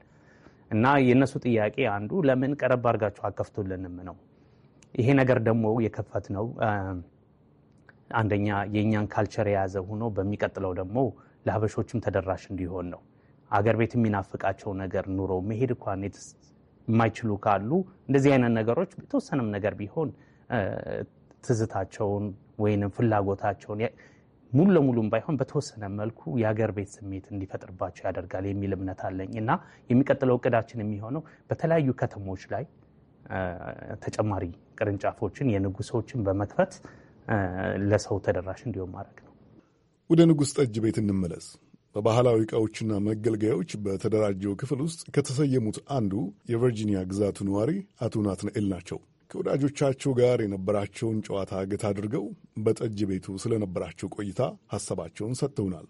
እና የእነሱ ጥያቄ አንዱ ለምን ቀረብ አድርጋችሁ አከፍቱልንም ነው። ይሄ ነገር ደግሞ የከፈት ነው አንደኛ የእኛን ካልቸር የያዘ ሆኖ በሚቀጥለው ደግሞ ለሀበሾችም ተደራሽ እንዲሆን ነው። አገር ቤት የሚናፍቃቸው ነገር ኑሮ መሄድ እንኳን የማይችሉ ካሉ እንደዚህ አይነት ነገሮች የተወሰነም ነገር ቢሆን ትዝታቸውን ወይንም ፍላጎታቸውን ሙሉ ለሙሉም ባይሆን በተወሰነ መልኩ የሀገር ቤት ስሜት እንዲፈጥርባቸው ያደርጋል የሚል እምነት አለኝ እና የሚቀጥለው እቅዳችን የሚሆነው በተለያዩ ከተሞች ላይ ተጨማሪ ቅርንጫፎችን የንጉሶችን በመክፈት ለሰው ተደራሽ እንዲሆን ማድረግ ነው። ወደ ንጉሥ ጠጅ ቤት እንመለስ። በባህላዊ ዕቃዎችና መገልገያዎች በተደራጀው ክፍል ውስጥ ከተሰየሙት አንዱ የቨርጂኒያ ግዛቱ ነዋሪ አቶ ናትናኤል ናቸው። ከወዳጆቻቸው ጋር የነበራቸውን ጨዋታ ገታ አድርገው በጠጅ ቤቱ ስለነበራቸው ቆይታ ሀሳባቸውን ሰጥተውናል።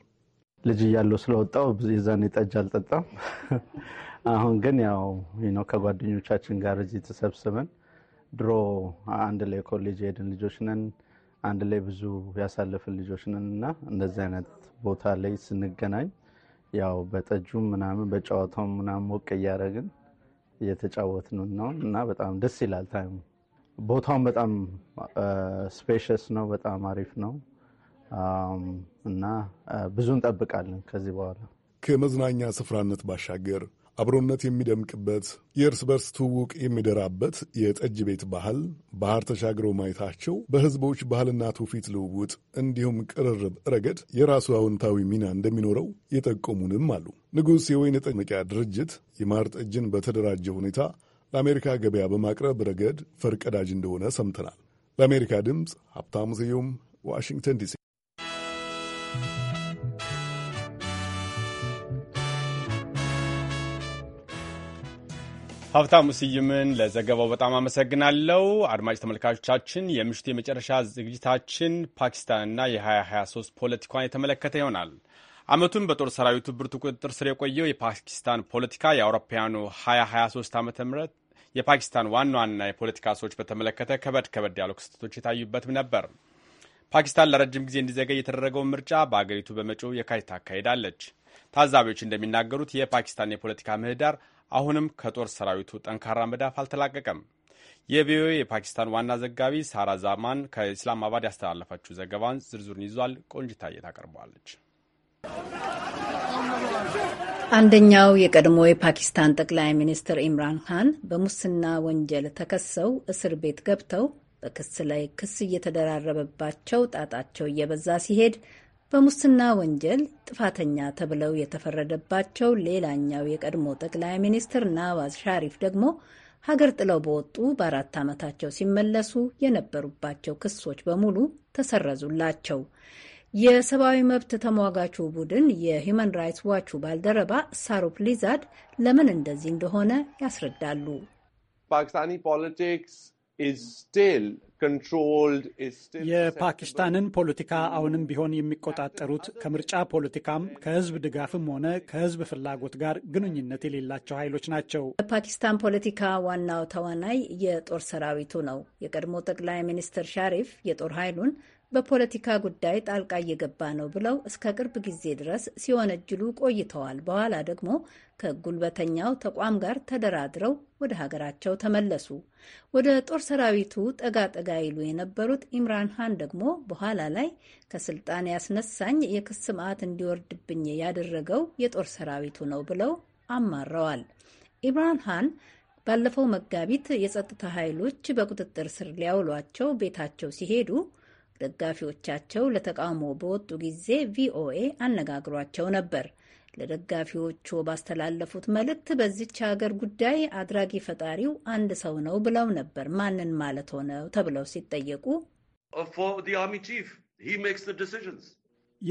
ልጅ እያለሁ ስለወጣው የዛኔ ጠጅ አልጠጣም። አሁን ግን ያው ነው ከጓደኞቻችን ጋር እዚህ ተሰብስበን ድሮ አንድ ላይ ኮሌጅ የሄድን ልጆች ነን። አንድ ላይ ብዙ ያሳለፍን ልጆች ነን እና እንደዚህ አይነት ቦታ ላይ ስንገናኝ ያው በጠጁም ምናምን በጨዋታው ምናምን ሞቅ እያደረግን እየተጫወትን ነው እና በጣም ደስ ይላል። ታይሙ ቦታውን በጣም ስፔሸስ ነው፣ በጣም አሪፍ ነው እና ብዙ እንጠብቃለን ከዚህ በኋላ ከመዝናኛ ስፍራነት ባሻገር አብሮነት የሚደምቅበት የእርስ በርስ ትውውቅ የሚደራበት የጠጅ ቤት ባህል ባህር ተሻግረው ማየታቸው በሕዝቦች ባህልና ትውፊት ልውውጥ እንዲሁም ቅርርብ ረገድ የራሱ አዎንታዊ ሚና እንደሚኖረው የጠቆሙንም አሉ። ንጉሥ የወይን ጠመቂያ ድርጅት የማር ጠጅን በተደራጀ ሁኔታ ለአሜሪካ ገበያ በማቅረብ ረገድ ፈርቀዳጅ እንደሆነ ሰምተናል። ለአሜሪካ ድምፅ ሀብታሙ ስዩም ዋሽንግተን ዲሲ ሀብታሙ ስዩምን ለዘገባው በጣም አመሰግናለሁ። አድማጭ ተመልካቾቻችን የምሽቱ የመጨረሻ ዝግጅታችን ፓኪስታንና የ2023 ፖለቲካን የተመለከተ ይሆናል። ዓመቱን በጦር ሰራዊቱ ብርቱ ቁጥጥር ስር የቆየው የፓኪስታን ፖለቲካ የአውሮፓውያኑ 2023 ዓ ም የፓኪስታን ዋና ዋና የፖለቲካ ሰዎች በተመለከተ ከበድ ከበድ ያሉ ክስተቶች የታዩበትም ነበር። ፓኪስታን ለረጅም ጊዜ እንዲዘገይ የተደረገውን ምርጫ በአገሪቱ በመጪው የካቲት አካሄዳለች። ታዛቢዎች እንደሚናገሩት የፓኪስታን የፖለቲካ ምህዳር አሁንም ከጦር ሰራዊቱ ጠንካራ መዳፍ አልተላቀቀም። የቪኦኤ የፓኪስታን ዋና ዘጋቢ ሳራ ዛማን ከኢስላማባድ ያስተላለፈችው ዘገባን ዝርዝሩን ይዟል። ቆንጅታየ ታቀርበዋለች። አንደኛው የቀድሞ የፓኪስታን ጠቅላይ ሚኒስትር ኢምራን ካን በሙስና ወንጀል ተከሰው እስር ቤት ገብተው በክስ ላይ ክስ እየተደራረበባቸው ጣጣቸው እየበዛ ሲሄድ በሙስና ወንጀል ጥፋተኛ ተብለው የተፈረደባቸው ሌላኛው የቀድሞ ጠቅላይ ሚኒስትር ናዋዝ ሻሪፍ ደግሞ ሀገር ጥለው በወጡ በአራት ዓመታቸው ሲመለሱ የነበሩባቸው ክሶች በሙሉ ተሰረዙላቸው። የሰብአዊ መብት ተሟጋቹ ቡድን የሂዩማን ራይትስ ዋቹ ባልደረባ ሳሩፕ ሊዛድ ለምን እንደዚህ እንደሆነ ያስረዳሉ። ፓኪስታኒ ፖለቲክስ የፓኪስታንን ፖለቲካ አሁንም ቢሆን የሚቆጣጠሩት ከምርጫ ፖለቲካም ከህዝብ ድጋፍም ሆነ ከህዝብ ፍላጎት ጋር ግንኙነት የሌላቸው ኃይሎች ናቸው። የፓኪስታን ፖለቲካ ዋናው ተዋናይ የጦር ሰራዊቱ ነው። የቀድሞ ጠቅላይ ሚኒስትር ሻሪፍ የጦር ኃይሉን በፖለቲካ ጉዳይ ጣልቃ እየገባ ነው ብለው እስከ ቅርብ ጊዜ ድረስ ሲወነጅሉ ቆይተዋል። በኋላ ደግሞ ከጉልበተኛው ተቋም ጋር ተደራድረው ወደ ሀገራቸው ተመለሱ። ወደ ጦር ሰራዊቱ ጠጋ ጠጋ ይሉ የነበሩት ኢምራን ሃን ደግሞ በኋላ ላይ ከስልጣን ያስነሳኝ የክስ ማዕት እንዲወርድብኝ ያደረገው የጦር ሰራዊቱ ነው ብለው አማረዋል። ኢምራን ሃን ባለፈው መጋቢት የጸጥታ ኃይሎች በቁጥጥር ስር ሊያውሏቸው ቤታቸው ሲሄዱ ደጋፊዎቻቸው ለተቃውሞ በወጡ ጊዜ ቪኦኤ አነጋግሯቸው ነበር። ለደጋፊዎቹ ባስተላለፉት መልእክት በዚች ሀገር ጉዳይ አድራጊ ፈጣሪው አንድ ሰው ነው ብለው ነበር። ማንን ማለት ሆነው ተብለው ሲጠየቁ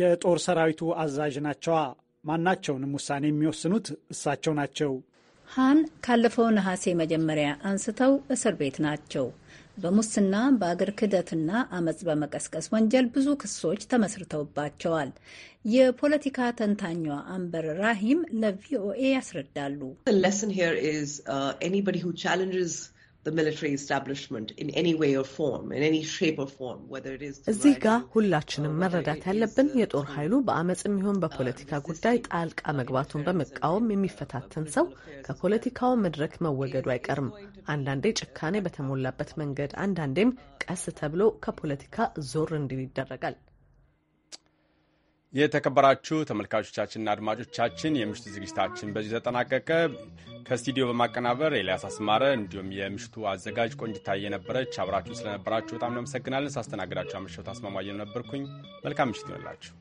የጦር ሰራዊቱ አዛዥ ናቸዋ። ማናቸውንም ውሳኔ የሚወስኑት እሳቸው ናቸው። ሃን ካለፈው ነሐሴ መጀመሪያ አንስተው እስር ቤት ናቸው። በሙስና በአገር ክህደትና አመፅ በመቀስቀስ ወንጀል ብዙ ክሶች ተመስርተውባቸዋል። የፖለቲካ ተንታኟ አምበር ራሂም ለቪኦኤ ያስረዳሉ። እዚህ ጋር ሁላችንም መረዳት ያለብን uh, የጦር ኃይሉ በአመፅ የሚሆን በፖለቲካ uh, ጉዳይ ጣልቃ መግባቱን በመቃወም uh, የሚፈታተን ሰው ከፖለቲካው መድረክ መወገዱ አይቀርም። አንዳንዴ ጭካኔ በተሞላበት መንገድ፣ አንዳንዴም ቀስ ተብሎ ከፖለቲካ ዞር እንዲል ይደረጋል። የተከበራችሁ ተመልካቾቻችንና አድማጮቻችን የምሽቱ ዝግጅታችን በዚህ ተጠናቀቀ። ከስቱዲዮ በማቀናበር ኤልያስ አስማረ፣ እንዲሁም የምሽቱ አዘጋጅ ቆንጅታ የነበረች። አብራችሁ ስለነበራችሁ በጣም እናመሰግናለን። ሳስተናግዳችሁ አመሻው ታስማማየ ነበርኩኝ። መልካም ምሽት ይሆንላችሁ።